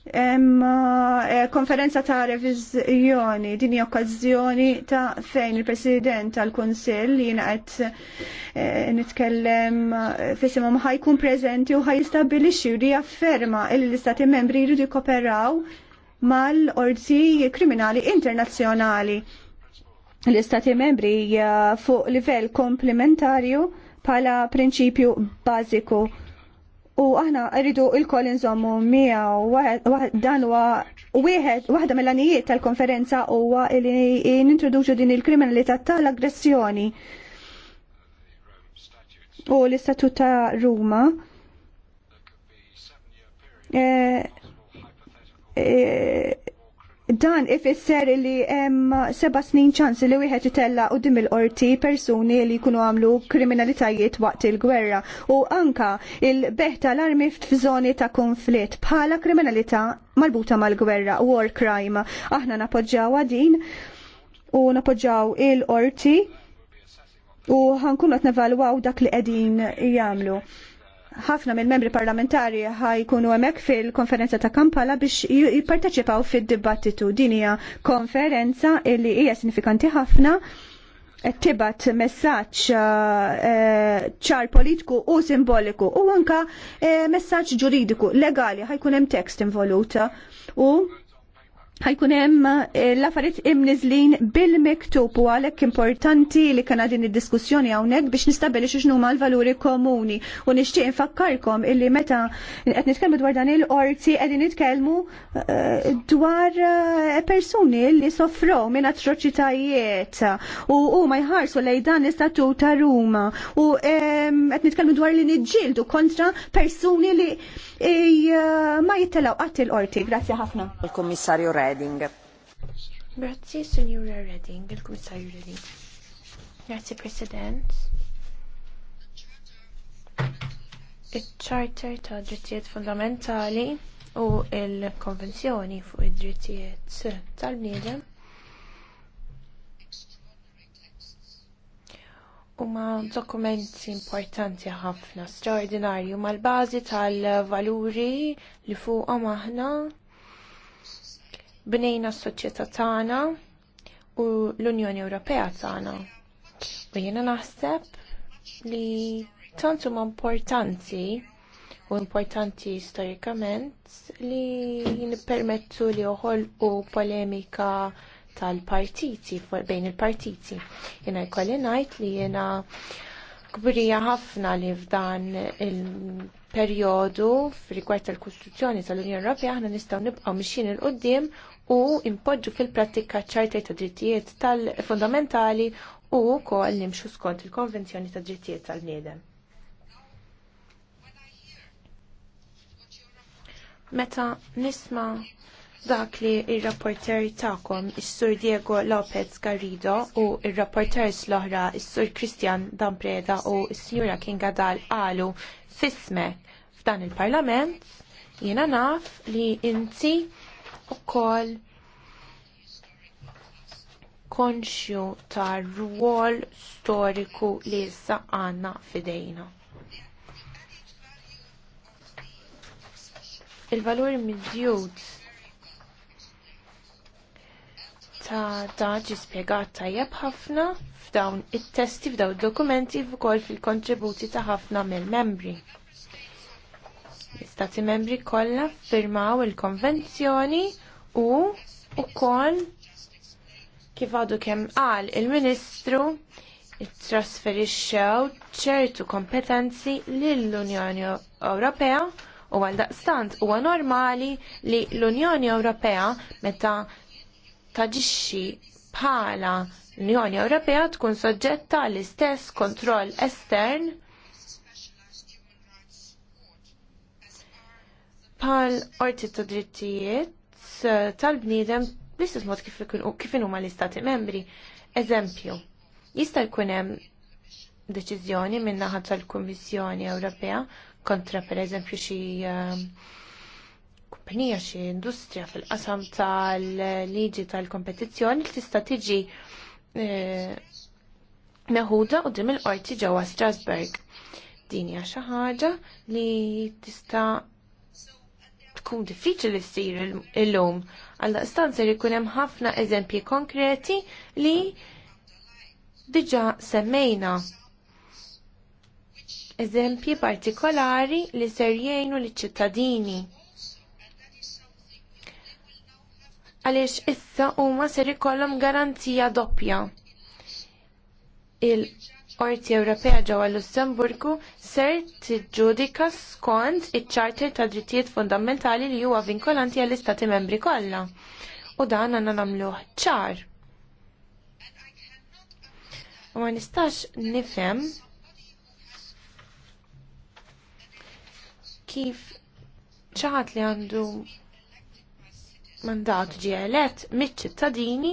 Eh, konferenza ta' revizjoni, din okkażjoni ta' fejn il-President tal-Konsil jina qed eh, nitkellem eh, fisimhom ħajkun preżenti u ħajistabilixxi u jafferma li l-Istati membri jridu jikkoperaw mal qorti kriminali internazzjonali. L-Istati membri fuq livell komplementarju pala prinċipju bażiku U aħna rridu il-koll nżommu miegħu dan huwa wieħed waħda mill-anijiet tal-konferenza huwa li nintroduċu din il-kriminalità tal-aggressjoni. U l-istatut ta' Ruma E, e, Dan ifisser li hemm seba' snin ċans li wieħed itella qudiem il-qorti persuni li jkunu għamlu kriminalitajiet waqt il-gwerra u anka il-beħ tal-armi f'żoni ta' konflitt bħala kriminalità malbuta mal-gwerra, war crime. Aħna napoġġaw din u napoġġaw il-qorti u ħankunat nevalwaw dak li qegħdin jagħmlu ħafna mill-membri parlamentari ħajkunu hemmhekk fil-konferenza ta' Kampala biex jipparteċipaw fid-dibattitu. Din hija konferenza li hija sinifikanti ħafna tibat messaġġ eh, ċar politiku u simboliku u anka eh, messaġġ ġuridiku legali ħajkun hemm tekst involuta u ħajkun hemm eh, l-affarijiet imniżlin bil-miktub u għalhekk importanti li kena din id-diskussjoni hawnhekk biex nistabbilix x'nu ma l-valuri komuni u nixtieq infakkarkom illi meta qed nitkellmu dwar dan il-qorti qegħdin nitkellmu eh, dwar eh, persuni li soffrow minn atroċitajiet u huma jħarsu lejn dan l-istatut ta' Ruma u ehm, qed nitkellmu dwar li niġġieldu kontra persuni li Eh, ma jittelaw qatt il-qorti. Grazzi ħafna. il kommissarju Reding. Grazzi, Signora Reding, il-Kummissarju Reding. Grazzi, President. Iċ-Charter ta' Drittijiet Fundamentali u l konvenzjoni fuq id-Drittijiet tal-Bniedem huma dokumenti importanti ħafna, straordinarju, ma l-bażi tal-valuri li fuqhom aħna bnejna s-soċjetà tagħna u l-Unjoni Ewropea tagħna. U jiena naħseb li tant huma importanti u importanti storikament li nippermettu li u polemika tal-partiti, bejn il-partiti. Jena jkolli najt li jena kbrija ħafna li f'dan il-periodu f'rigward tal-Kostituzzjoni tal-Unjoni Ewropea aħna nistgħu nibqgħu mixjin il qudiem u impoġġu fil-prattika ċarta ta' drittijiet tal-fundamentali u wkoll nimxu skont il-Konvenzjoni ta' drittijiet tal-bniedem. Meta nisma' dak li il-rapporter ta'kom is-Sur Diego Lopez Garrido u il-rapporters l-oħra is-Sur Christian Dambreda u is-Sinjura Kinga Dal qalu fismek f'dan il-Parlament jiena naf li inti kol konxju ta' rwol storiku li issa għandna fidejna. Il-valur midjud ta' daġi ġi tajjeb ħafna f'dawn it-testi f'daw id-dokumenti wkoll fil-kontributi ta' ħafna mill-membri. L-istati membri kollha firmaw il-konvenzjoni u wkoll kif għadu kemm qal il-Ministru trasferixxew ċertu kompetenzi lill-Unjoni Ewropea u għaldaqstant huwa normali li l-Unjoni Ewropea meta taġixxi bħala l-Unjoni Ewropea tkun soġġetta l-istess kontroll estern bħal orti ta' drittijiet eh, tal-bniedem bl-istess mod kif huma l-istati membri. Eżempju, jista' jkun hemm deċiżjoni minn naħa tal-Kummissjoni Ewropea kontra pereżempju xi eh, kumpanija xi industrija fil-qasam tal-liġi tal-kompetizzjoni li tista' tiġi eh, meħuda u dim il-qorti ġewwa Strasburg. Din hija xi ħaġa li tista' tkun diffiċli ssir illum. Għalla istanza li jkun hemm ħafna eżempji konkreti li diġà semmejna. Eżempji partikolari li ser jgħinu liċ ċittadini għaliex issa huma ser ikollhom garanzija doppja. Il-Qorti Ewropea ġewwa Lussemburgu ser tiġġudika skont iċ ċarter ta' Drittijiet Fundamentali li huwa vinkolanti għall-Istati Membri kollha. U dan għandna nagħmluh ċar. U ma nistax nifhem kif ċaħat li għandu mandat ġie elett miċ-ċittadini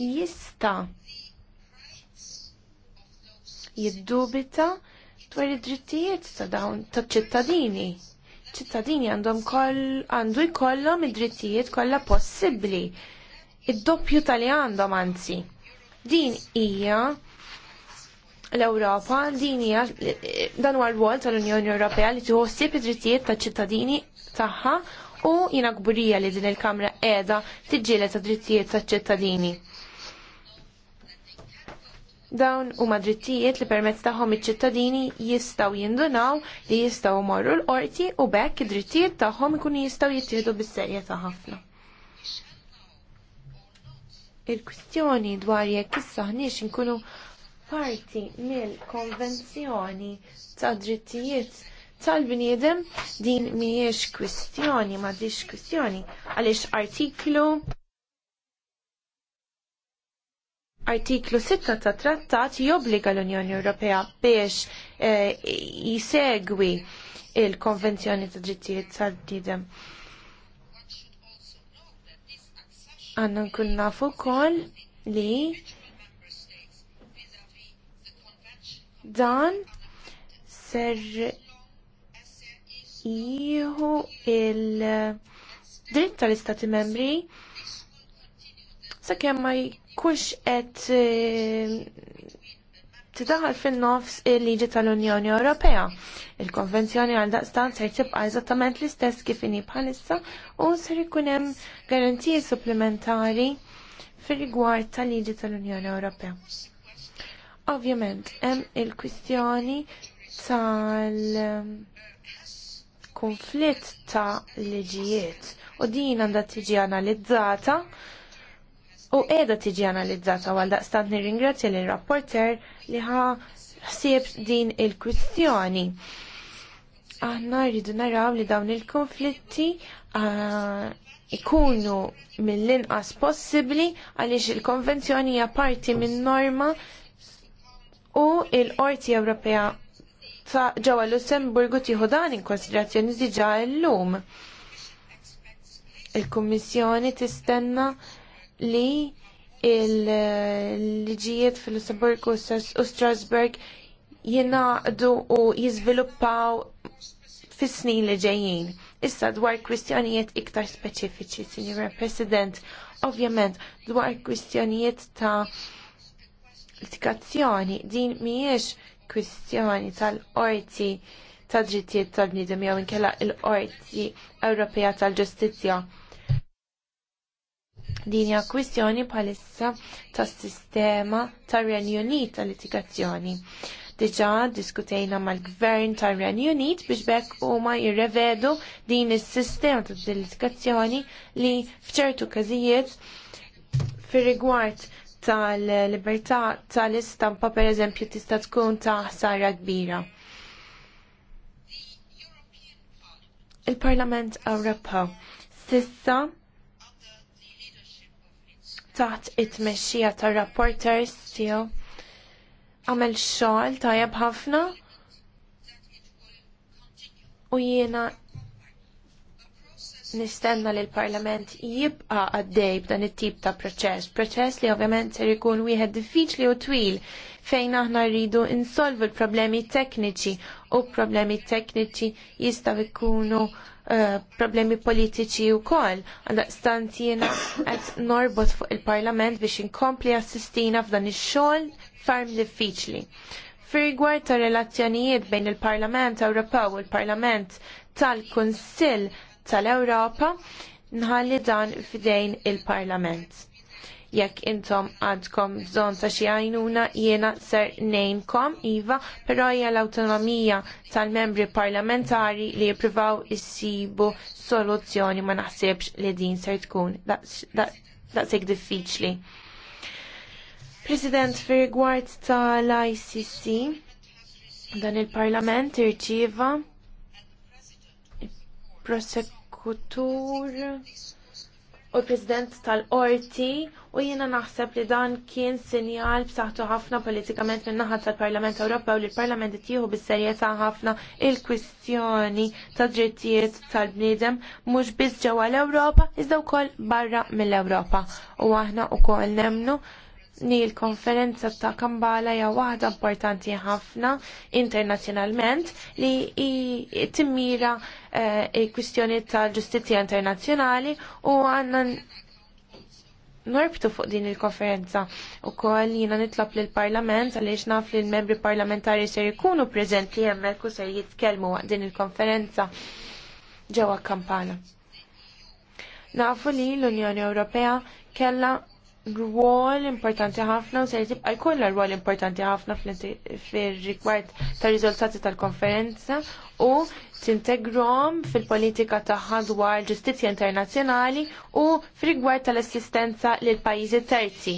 jista' jiddubita dwar id-drittijiet ta' dawn ta' ċittadini. ċittadini għandhom koll għandu jkollhom id-drittijiet kollha possibbli. Id-doppju tal-li għandhom anzi. Din hija l-Ewropa, din hija dan huwa l-wol tal-Unjoni Ewropea li tħossib id-drittijiet ta' ċittadini tagħha u jina gburija li din il-Kamra edha tiġġiela ta' drittijiet ta' ċittadini. Dawn huma drittijiet li permezz tagħhom iċ-ċittadini jistgħu jindunaw li jistgħu morru l-qorti u bekk id-drittijiet tagħhom ikunu jistgħu jittieħdu bis-serjetà ħafna il-kwistjoni dwar jekk issa ħniex inkunu parti mill-konvenzjoni ta' drittijiet tal-bniedem din mhijiex kwistjoni, ma dix kwistjoni, għaliex artiklu artiklu 6 ta' trattat jobbliga l-Unjoni Ewropea biex e, jisegwi il-Konvenzjoni ta' ġittijiet tal-bniedem. Għanna nkun nafu wkoll li dan ser jieħu il-dritt tal-Istati membri sakemm ma jkunx qed eh, titaħal fin-nofs il-liġi tal-Unjoni Ewropea. Il-konvenzjoni għal daqstan ser tibqa' eżattament l-istess kif inhi bħalissa u ser ikun hemm garanziji supplementari fir-rigward tal-liġi tal-Unjoni Ewropea. Ovvjament, hemm il -kwistjoni tal konflitt ta' liġijiet u din għandha tiġi analizzata u qiegħda tiġi analizzata għal daqstant nirringrazzja lill rapporter li ħa ħsieb din il-kwistjoni. Aħna rridu naraw li dawn il-konflitti ah, ikunu mill-inqas possibbli għaliex il-konvenzjoni hija parti minn norma u l qorti Ewropea Sa ġewwa Lussemburgu tieħu dan in-konsiderazzjoni diġà llum. Il-Kummissjoni tistenna li il-liġijiet fil lussemburgu u Strasburg jinaqdu u jiżviluppaw fis-snin li ġejjin. Issa dwar kwistjonijiet iktar speċifiċi, Signor President, ovvjament dwar kwistjonijiet ta' l-tikazzjoni din mhijiex kwistjoni tal-qorti ta' drittijiet tal-bnidem jew inkella l-qorti Ewropea tal-Ġustizzja. Din hija kwistjoni bħalissa tas-sistema tar-Renju Unit tal-litigazzjoni. Diġà diskutejna mal-Gvern tar-Renju Unit biex bekk huma jirrevedu din is-sistema tal-litigazzjoni li f'ċertu każijiet fir rigward tal-libertà tal-istampa pereżempju tista' tkun ta' ħsara kbira. Il-Parlament Ewropew sissa taħt it-tmexxija tar-rapporters tiegħu għamel xogħol tajjeb ħafna u jiena nistenna li l-Parlament jibqa għaddej b'dan it-tip ta' proċess, proċess li ovvjament ser ikun wieħed diffiċli u twil fejn aħna rridu insolvu l-problemi tekniċi u problemi tekniċi jistaw ikunu uh, problemi politiċi u kol. Għandaqstant jena għed norbot fuq il-parlament biex inkompli assistina f'dan ix-xogħol farm diffiċli. Fir-rigward ta' relazzjonijiet bejn il-Parlament Ewropew u l-Parlament tal-Kunsill tal-Ewropa nħalli dan fidejn il-Parlament. Jekk intom għadkom bżon ta' xi għajnuna jiena ser nejnkom iva, però hija l-awtonomija tal-membri parlamentari li jippruvaw issibu soluzzjoni ma naħsibx li din ser tkun daqsik diffiċli. President, fir rigward tal-ICC, dan il-Parlament irċieva il Kutur, u l-President tal-Orti u jiena naħseb li dan kien sinjal b'saħħtu ħafna politikament minn naħa tal-Parlament Ewropew li l-Parlament tieħu bis-serjetà ħafna il-kwistjoni ta' drittijiet tal-bniedem mhux biss ġewwa l-Ewropa iżda wkoll barra mill-Ewropa. U aħna wkoll nemnu li l-konferenza ta' Kambala hija waħda importanti ħafna internazzjonalment li timmira eh, il-kwistjoni ta' ġustizzja internazzjonali u għandna norbtu fuq din il-konferenza u koll jina nitlop l-parlament għaliex naf li l-membri parlamentari ser jkunu prezenti jemmek u ser jitkelmu għad din il-konferenza ġewa kampana. Nafu li l-Unjoni Ewropea kella rwol importanti ħafna u se tibqa' jkollha rwol importanti ħafna fir-rigward ta' riżultati tal-konferenza u tintegrom fil-politika tagħha dwar ġustizzja internazzjonali u fir-rigward tal-assistenza lil pajjiżi terzi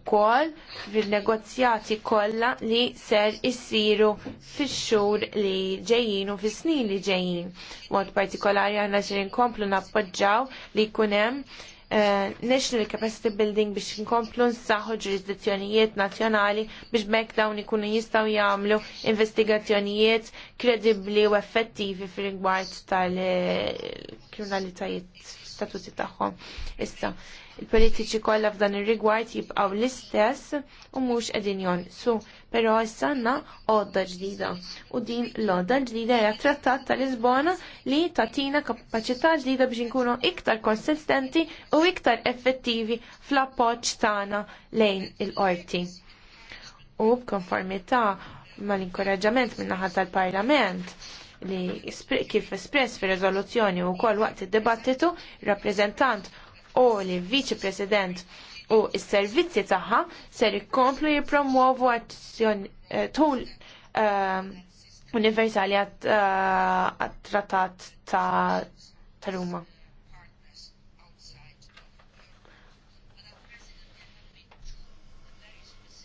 wkoll fil-negozjati kollha li ser isiru fix-xhur li ġejjin u fis-snin li ġejjin. Mod partikolari għandna se nkomplu nappoġġaw li jkun hemm Eh, national Capacity Building biex nkomplu nsaħħu ġurisdizzjonijiet nazzjonali biex b'hekk dawn ikunu jistgħu jagħmlu investigazzjonijiet kredibbli u effettivi fir-rigward tal-kriminalitajiet eh, statuti tagħhom. Issa, il-politiċi kollha f'dan ir-rigward jibqgħu l-istess u mhux qegħdin jonqsu, però issa għandna għodda ġdida. U din l-għodda ġdida hija trattat ta' Lisbona li tagħtina kapaċità ġdida biex inkunu iktar konsistenti u iktar effettivi fl-appoġġ tagħna lejn il-qorti. U b'konformità mal-inkoraġġament min-naħa tal-Parlament li kif espress fir riżoluzzjoni wkoll waqt id-dibattitu, rappreżentant li Viċi President u s-servizzi tagħha ser ikomplu jipromuovu azzjoni eh, tul eh, universali għat-trattat eh, ta' Ruma.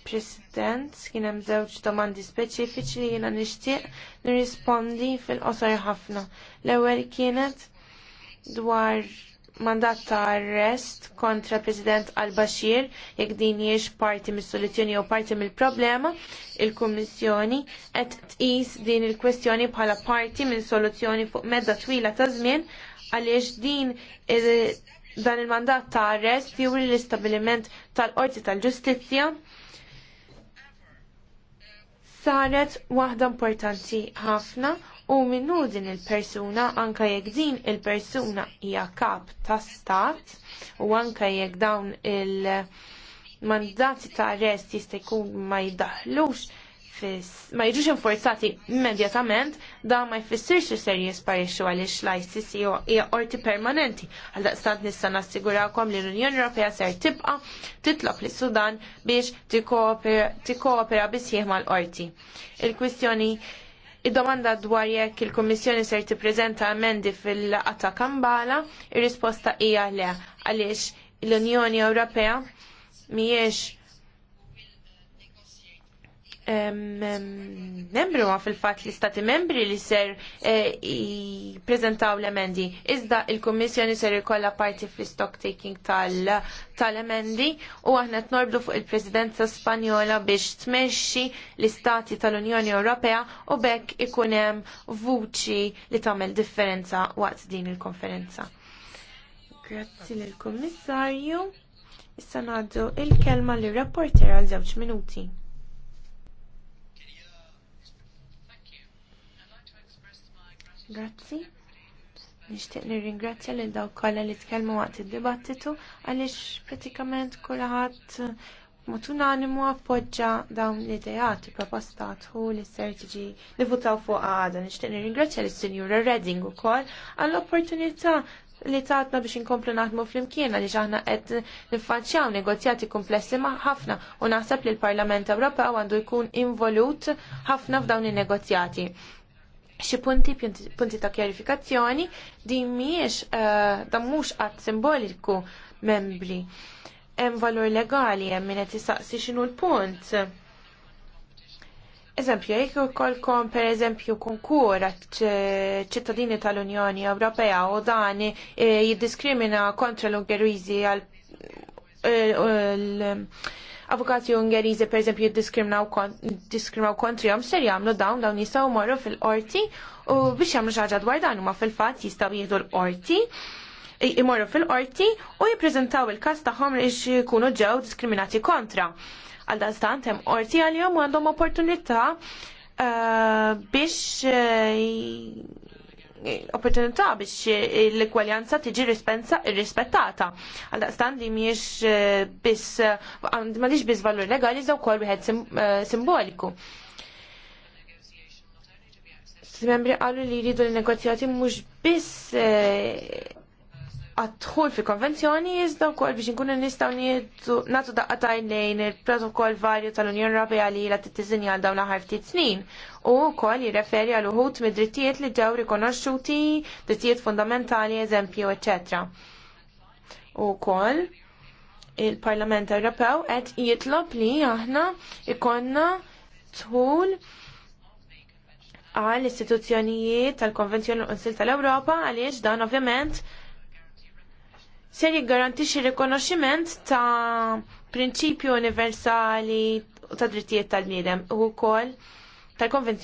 President, kien hemm żewġ domandi speċifiċi li jiena nixtieq nirrispondi fil-qosor ħafna. L-ewwel kienet dwar mandat ta' arrest kontra President al-Bashir jekk din jiex parti mis-soluzzjoni jew parti mill-problema, il-Kummissjoni qed tqis din il-kwestjoni bħala parti minn soluzzjoni fuq medda twila ta' żmien għaliex din dan il-mandat ta' arrest juri l-istabiliment tal-Qorti tal-Ġustizzja saret waħda importanti ħafna u minnu din il-persuna anka jekk din il-persuna hija kap ta' stat u anka jekk dawn il-mandati ta' arrest jista' jkun ma jiddaħlux ma jiġux enforzati immedjatament, da ma jfissirx li ser jisparixxu għaliex l-ICC hija qorti permanenti. Għal daqstant nista' nassigurawkom li l-Unjoni Ewropea ser tibqa' titlob lis sudan biex tikkoopera bisħieħ mal-qorti. Il-kwistjoni Id-domanda dwar jekk il-Kommissjoni ser tippreżenta amendi fil-qatta Kambala, ir-risposta hija le għaliex l-Unjoni Ewropea mhijiex membru ma fil-fat li stati membri li ser eh, prezentaw l-emendi. Iżda il-Kommissjoni ser ikolla parti fl-stock taking tal-emendi u aħna t-norblu fuq il-Presidenza Spanjola biex tmexxi l-Istati tal-Unjoni Ewropea u bekk ikunem vuċi li tamel differenza waqt din il-konferenza. Grazzi l-Kommissarju. Issa naddu il-kelma l-rapporter għal żewġ minuti. Grazzi. Nixtieq nirringrazzja lil dawk kollha li tkellmu waqt id-dibattitu għaliex pratikament kulħadd mod animu appoġġa dawn l-idejat il-propostat, hu li ser li votaw fuq għada. Nixtieq nirringrazzja lis sinjura Redding ukoll għall-opportunità li taħtna biex inkomplu naħdmu fl-imkiena li ġaħna qed niffaċċjaw negozjati komplessi ħafna u naħseb li l-Parlament Ewropew għandu jkun involut ħafna f'dawn in-negozjati xi punti punti ta' kjarifikazzjoni din mhijiex da' eh, dan mhux qatt simboliku membri. Hemm valur legali hemm min qed isaqsi xinu l-punt. Eżempju, jekk ukollkom pereżempju konkur ċittadini tal-Unjoni Ewropea u dan eh, jiddiskrimina kontra l-Ungeriżi għal eh, avukati Ungeriżi per jiddiskriminaw kontrihom kontri ser jagħmlu dawn dawn jistgħu morru fil-qorti u biex jagħmlu xaġa dwar dan huma fil-fatt jistgħu jieħdu l-qorti imorru fil-qorti u jippreżentaw il-każ tagħhom li jkunu ġew diskriminati kontra. Għal dan hemm qorti jom għandhom opportunità eh, biex eh, opportunità biex l-ekwaljanza tiġi rispettata. stand li miex eh, biss, għandmalix bis valur legali, za u kol biħed eh, simboliku. Membri għallu li jridu l-negozjati mux bis eh, għadħul fi konvenzjoni iżda wkoll biex nkunu nistgħu nagħtu daqqa tajnejn il-protokoll varju tal-Unjoni Europea li t tittiżinja għal dawn l-aħħar ftit snin u wkoll jirreferi għal uħud mid-drittijiet li ġew rikonoxxuti, drittijiet fundamentali, eżempju, ecc. U wkoll il-Parlament Ewropew qed jitlob li aħna ikonna tħul għal istituzzjonijiet tal-Konvenzjoni l-Konsil tal-Ewropa għaliex dan ovvjament Se jiggarantixxi rikonoxximent ta' prinċipju universali ta' drittijiet tal-bniedem u wkoll tal-konvenzjoni